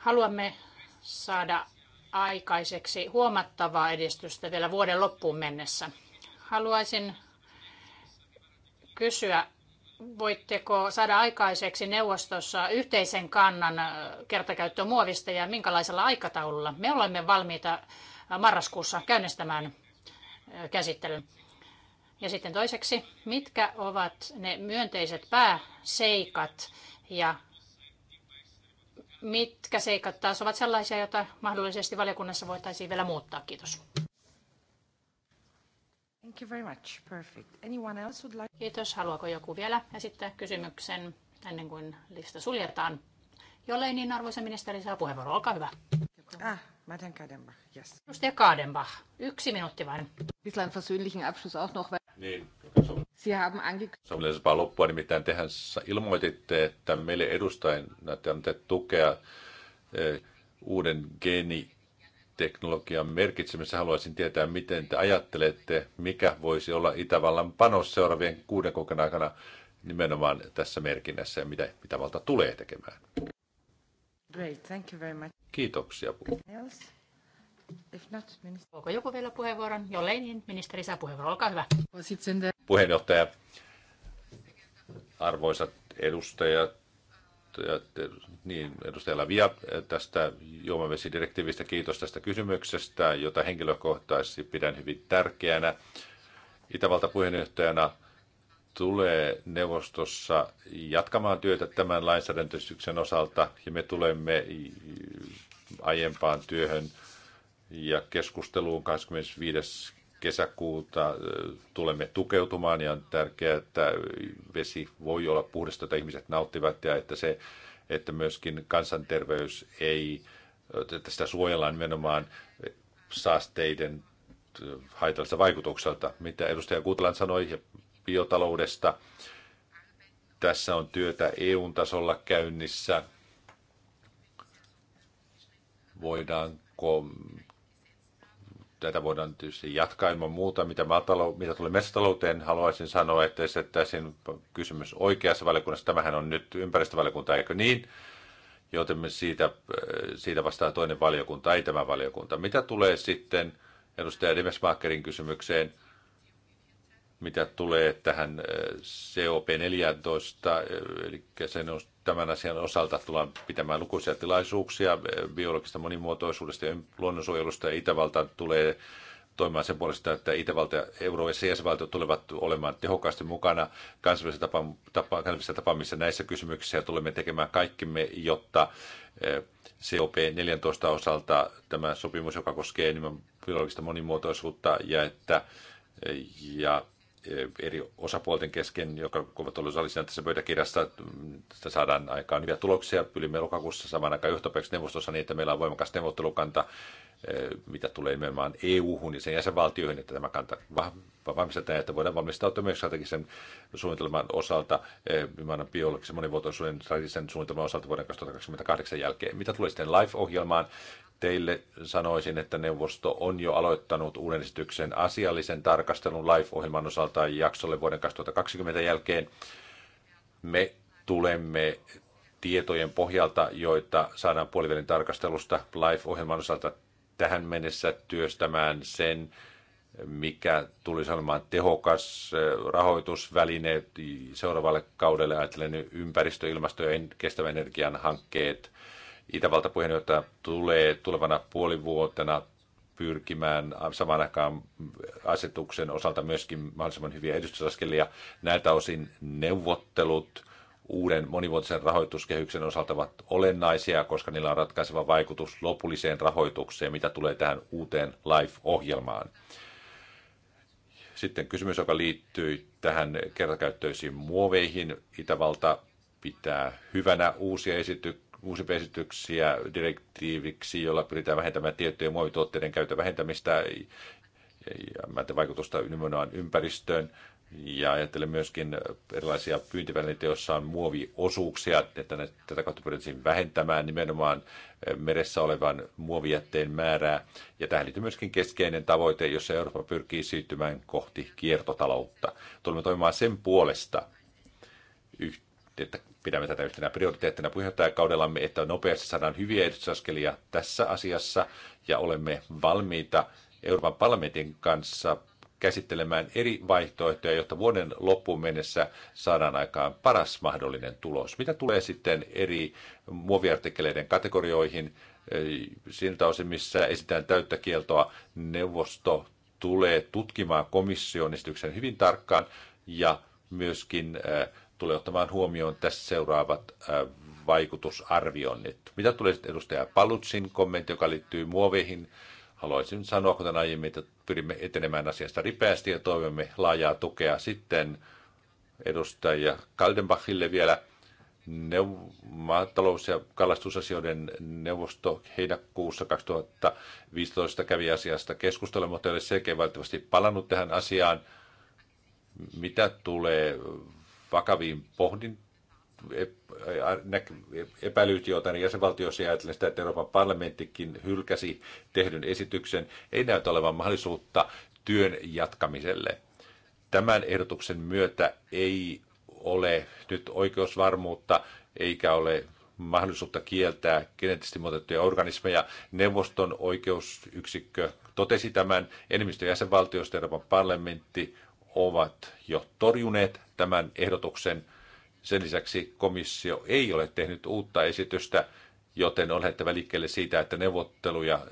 Haluamme saada aikaiseksi huomattavaa edistystä vielä vuoden loppuun mennessä. Haluaisin kysyä, voitteko saada aikaiseksi neuvostossa yhteisen kannan kertakäyttömuovista ja minkälaisella aikataululla? Me olemme valmiita marraskuussa käynnistämään käsittelyn. Ja sitten toiseksi, mitkä ovat ne myönteiset pääseikat ja mitkä seikat taas ovat sellaisia, joita mahdollisesti valiokunnassa voitaisiin vielä muuttaa? Kiitos. Thank you very much. Perfect. Anyone else would like... Kiitos. Haluaako joku vielä esittää kysymyksen ennen kuin lista suljetaan? Jollei niin, arvoisa ministeri, saa puheenvuoro. Olkaa hyvä. Ah, Madame Kadenbach, yes. Edustaja Kadenbach, yksi minuutti vain. Bislang versöhnlichen Abschluss auch noch. Niin, Sie haben loppua, nimittäin tehän ilmoititte, että meille edustajien annatte tukea eh, uuden geeniteknologian merkitsemisessä. Haluaisin tietää, miten te ajattelette, mikä voisi olla Itävallan panos seuraavien kuuden kuukauden aikana nimenomaan tässä merkinnässä ja mitä Itävalta tulee tekemään. Great, thank you very much. Kiitoksia. If joku vielä puheenvuoron? Jollei, niin ministeri saa puheenvuoron. Olkaa hyvä. Puheenjohtaja, arvoisat edustajat, niin, edustaja Lavia tästä juomavesidirektiivistä. Kiitos tästä kysymyksestä, jota henkilökohtaisesti pidän hyvin tärkeänä. Itävalta puheenjohtajana tulee neuvostossa jatkamaan työtä tämän lainsäädäntösyksen osalta ja me tulemme aiempaan työhön – ja keskusteluun 25. kesäkuuta äh, tulemme tukeutumaan ja on tärkeää, että vesi voi olla puhdasta, että ihmiset nauttivat ja että, se, että myöskin kansanterveys ei, että sitä suojellaan nimenomaan saasteiden äh, haitalliselta vaikutukselta, mitä edustaja Kutlan sanoi ja biotaloudesta. Tässä on työtä EU-tasolla käynnissä. Voidaanko tätä voidaan tietysti jatkaa ilman muuta. Mitä, maatalou- mitä tulee metsätalouteen, haluaisin sanoa, että esittäisin kysymys oikeassa valiokunnassa. Tämähän on nyt ympäristövaliokunta, eikö niin? Joten siitä, äh, siitä vastaa toinen valiokunta, ei tämä valiokunta. Mitä tulee sitten edustaja Dimesmakerin kysymykseen – mitä tulee tähän äh, COP14, äh, eli sen on, tämän asian osalta tullaan pitämään lukuisia tilaisuuksia äh, biologista monimuotoisuudesta ja luonnonsuojelusta, ja Itävalta tulee toimimaan sen puolesta, että Itävalta, euro- ja cs tulevat olemaan tehokkaasti mukana kansainvälisissä, tapa, tapa, kansainvälisissä tapaamissa näissä kysymyksissä, ja tulemme tekemään kaikkimme, jotta COP14 osalta tämä sopimus, joka koskee enemmän biologista monimuotoisuutta, ja että ja Eh, eri osapuolten kesken, jotka ovat olleet osallisina tässä pöytäkirjassa. Mm, että saadaan aikaan hyviä tuloksia. Pylimme lokakuussa saman aikaan johtopäiväksi neuvostossa niin, että meillä on voimakas neuvottelukanta, eh, mitä tulee nimenomaan EU-hun ja sen jäsenvaltioihin, että tämä kanta vahvistetaan, että voidaan valmistautua myös strategisen suunnitelman osalta, eh, maailman biologisen monivuotoisuuden strategisen suunnitelman osalta vuoden 2028 jälkeen. Mitä tulee sitten LIFE-ohjelmaan, Teille sanoisin, että neuvosto on jo aloittanut uuden esityksen asiallisen tarkastelun LIFE-ohjelman osalta jaksolle vuoden 2020 jälkeen. Me tulemme tietojen pohjalta, joita saadaan puolivälin tarkastelusta LIFE-ohjelman osalta tähän mennessä työstämään sen, mikä tulisi olemaan tehokas rahoitusväline seuraavalle kaudelle, ajatellen ympäristö, ilmasto ja kestävän energian hankkeet, Itävalta puheenjohtaja tulee tulevana puolivuotena pyrkimään samaan aikaan asetuksen osalta myöskin mahdollisimman hyviä edistysaskelia. Näiltä osin neuvottelut uuden monivuotisen rahoituskehyksen osalta ovat olennaisia, koska niillä on ratkaiseva vaikutus lopulliseen rahoitukseen, mitä tulee tähän uuteen LIFE-ohjelmaan. Sitten kysymys, joka liittyy tähän kertakäyttöisiin muoveihin. Itävalta pitää hyvänä uusia esityksiä uusi esityksiä direktiiviksi, jolla pyritään vähentämään tiettyjen muovituotteiden käytön vähentämistä ja vaikutusta nimenomaan ympäristöön. Ja ajattelen myöskin erilaisia pyyntivälineitä, joissa on muoviosuuksia, että ne, tätä kautta pyritään vähentämään nimenomaan meressä olevan muovijätteen määrää. Ja tähän liittyy myöskin keskeinen tavoite, jossa Eurooppa pyrkii siirtymään kohti kiertotaloutta. Tulemme toimimaan sen puolesta yhteen että pidämme tätä yhtenä prioriteettina puheenjohtajakaudellamme, että nopeasti saadaan hyviä edistysaskelia tässä asiassa ja olemme valmiita Euroopan parlamentin kanssa käsittelemään eri vaihtoehtoja, jotta vuoden loppuun mennessä saadaan aikaan paras mahdollinen tulos. Mitä tulee sitten eri muoviartikkeleiden kategorioihin, eh, siltä osin, missä esitään täyttä kieltoa, neuvosto tulee tutkimaan komission esityksen hyvin tarkkaan ja myöskin äh, tulee ottamaan huomioon tässä seuraavat äh, vaikutusarvioinnit. Mitä tulee sitten edustaja Palutsin kommentti, joka liittyy muoveihin, haluaisin sanoa, kuten aiemmin, että pyrimme etenemään asiasta ripeästi ja toivomme laajaa tukea sitten edustaja Kaldenbachille vielä. Neu- maatalous- ja kalastusasioiden neuvosto heinäkuussa 2015 kävi asiasta keskustelua, mutta ei ole selkeä valitettavasti palannut tähän asiaan. Mitä tulee vakaviin pohdin e- epäilyt, joita jäsenvaltioissa ajatellen sitä, että Euroopan parlamenttikin hylkäsi tehdyn esityksen, ei näytä olevan mahdollisuutta työn jatkamiselle. Tämän ehdotuksen myötä ei ole nyt oikeusvarmuutta eikä ole mahdollisuutta kieltää geneettisesti muutettuja organismeja. Neuvoston oikeusyksikkö totesi tämän. Enemmistö jäsenvaltioista Euroopan parlamentti ovat jo torjuneet tämän ehdotuksen. Sen lisäksi komissio ei ole tehnyt uutta esitystä, joten on lähettävä liikkeelle siitä, että neuvotteluja,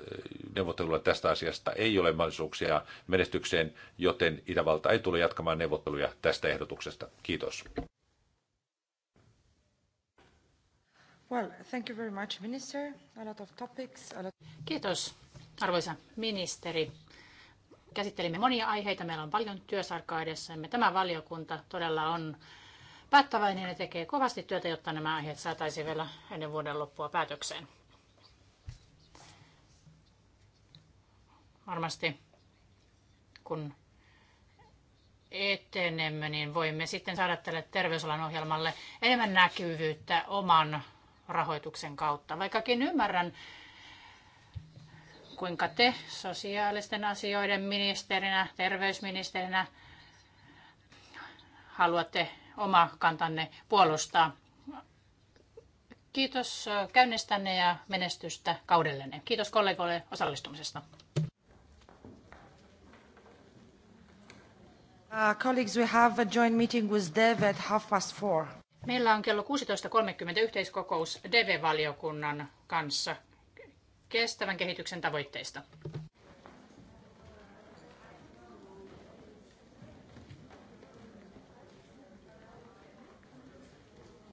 neuvotteluja tästä asiasta ei ole mahdollisuuksia menestykseen, joten Itävalta ei tule jatkamaan neuvotteluja tästä ehdotuksesta. Kiitos. Well, thank you very much, minister. A lot of topics, a lot... Kiitos, arvoisa ministeri käsittelimme monia aiheita, meillä on paljon työsarkaa edessämme. Tämä valiokunta todella on päättäväinen ja tekee kovasti työtä, jotta nämä aiheet saataisiin vielä ennen vuoden loppua päätökseen. Varmasti kun etenemme, niin voimme sitten saada tälle terveysalan ohjelmalle enemmän näkyvyyttä oman rahoituksen kautta. Vaikkakin ymmärrän, kuinka te sosiaalisten asioiden ministerinä, terveysministerinä haluatte oma kantanne puolustaa. Kiitos käynnistänne ja menestystä kaudellenne. Kiitos kollegoille osallistumisesta. Uh, colleagues, we have a joint meeting with Dev at half past four. Meillä on kello 16.30 yhteiskokous DEVE-valiokunnan kanssa kestävän kehityksen tavoitteista.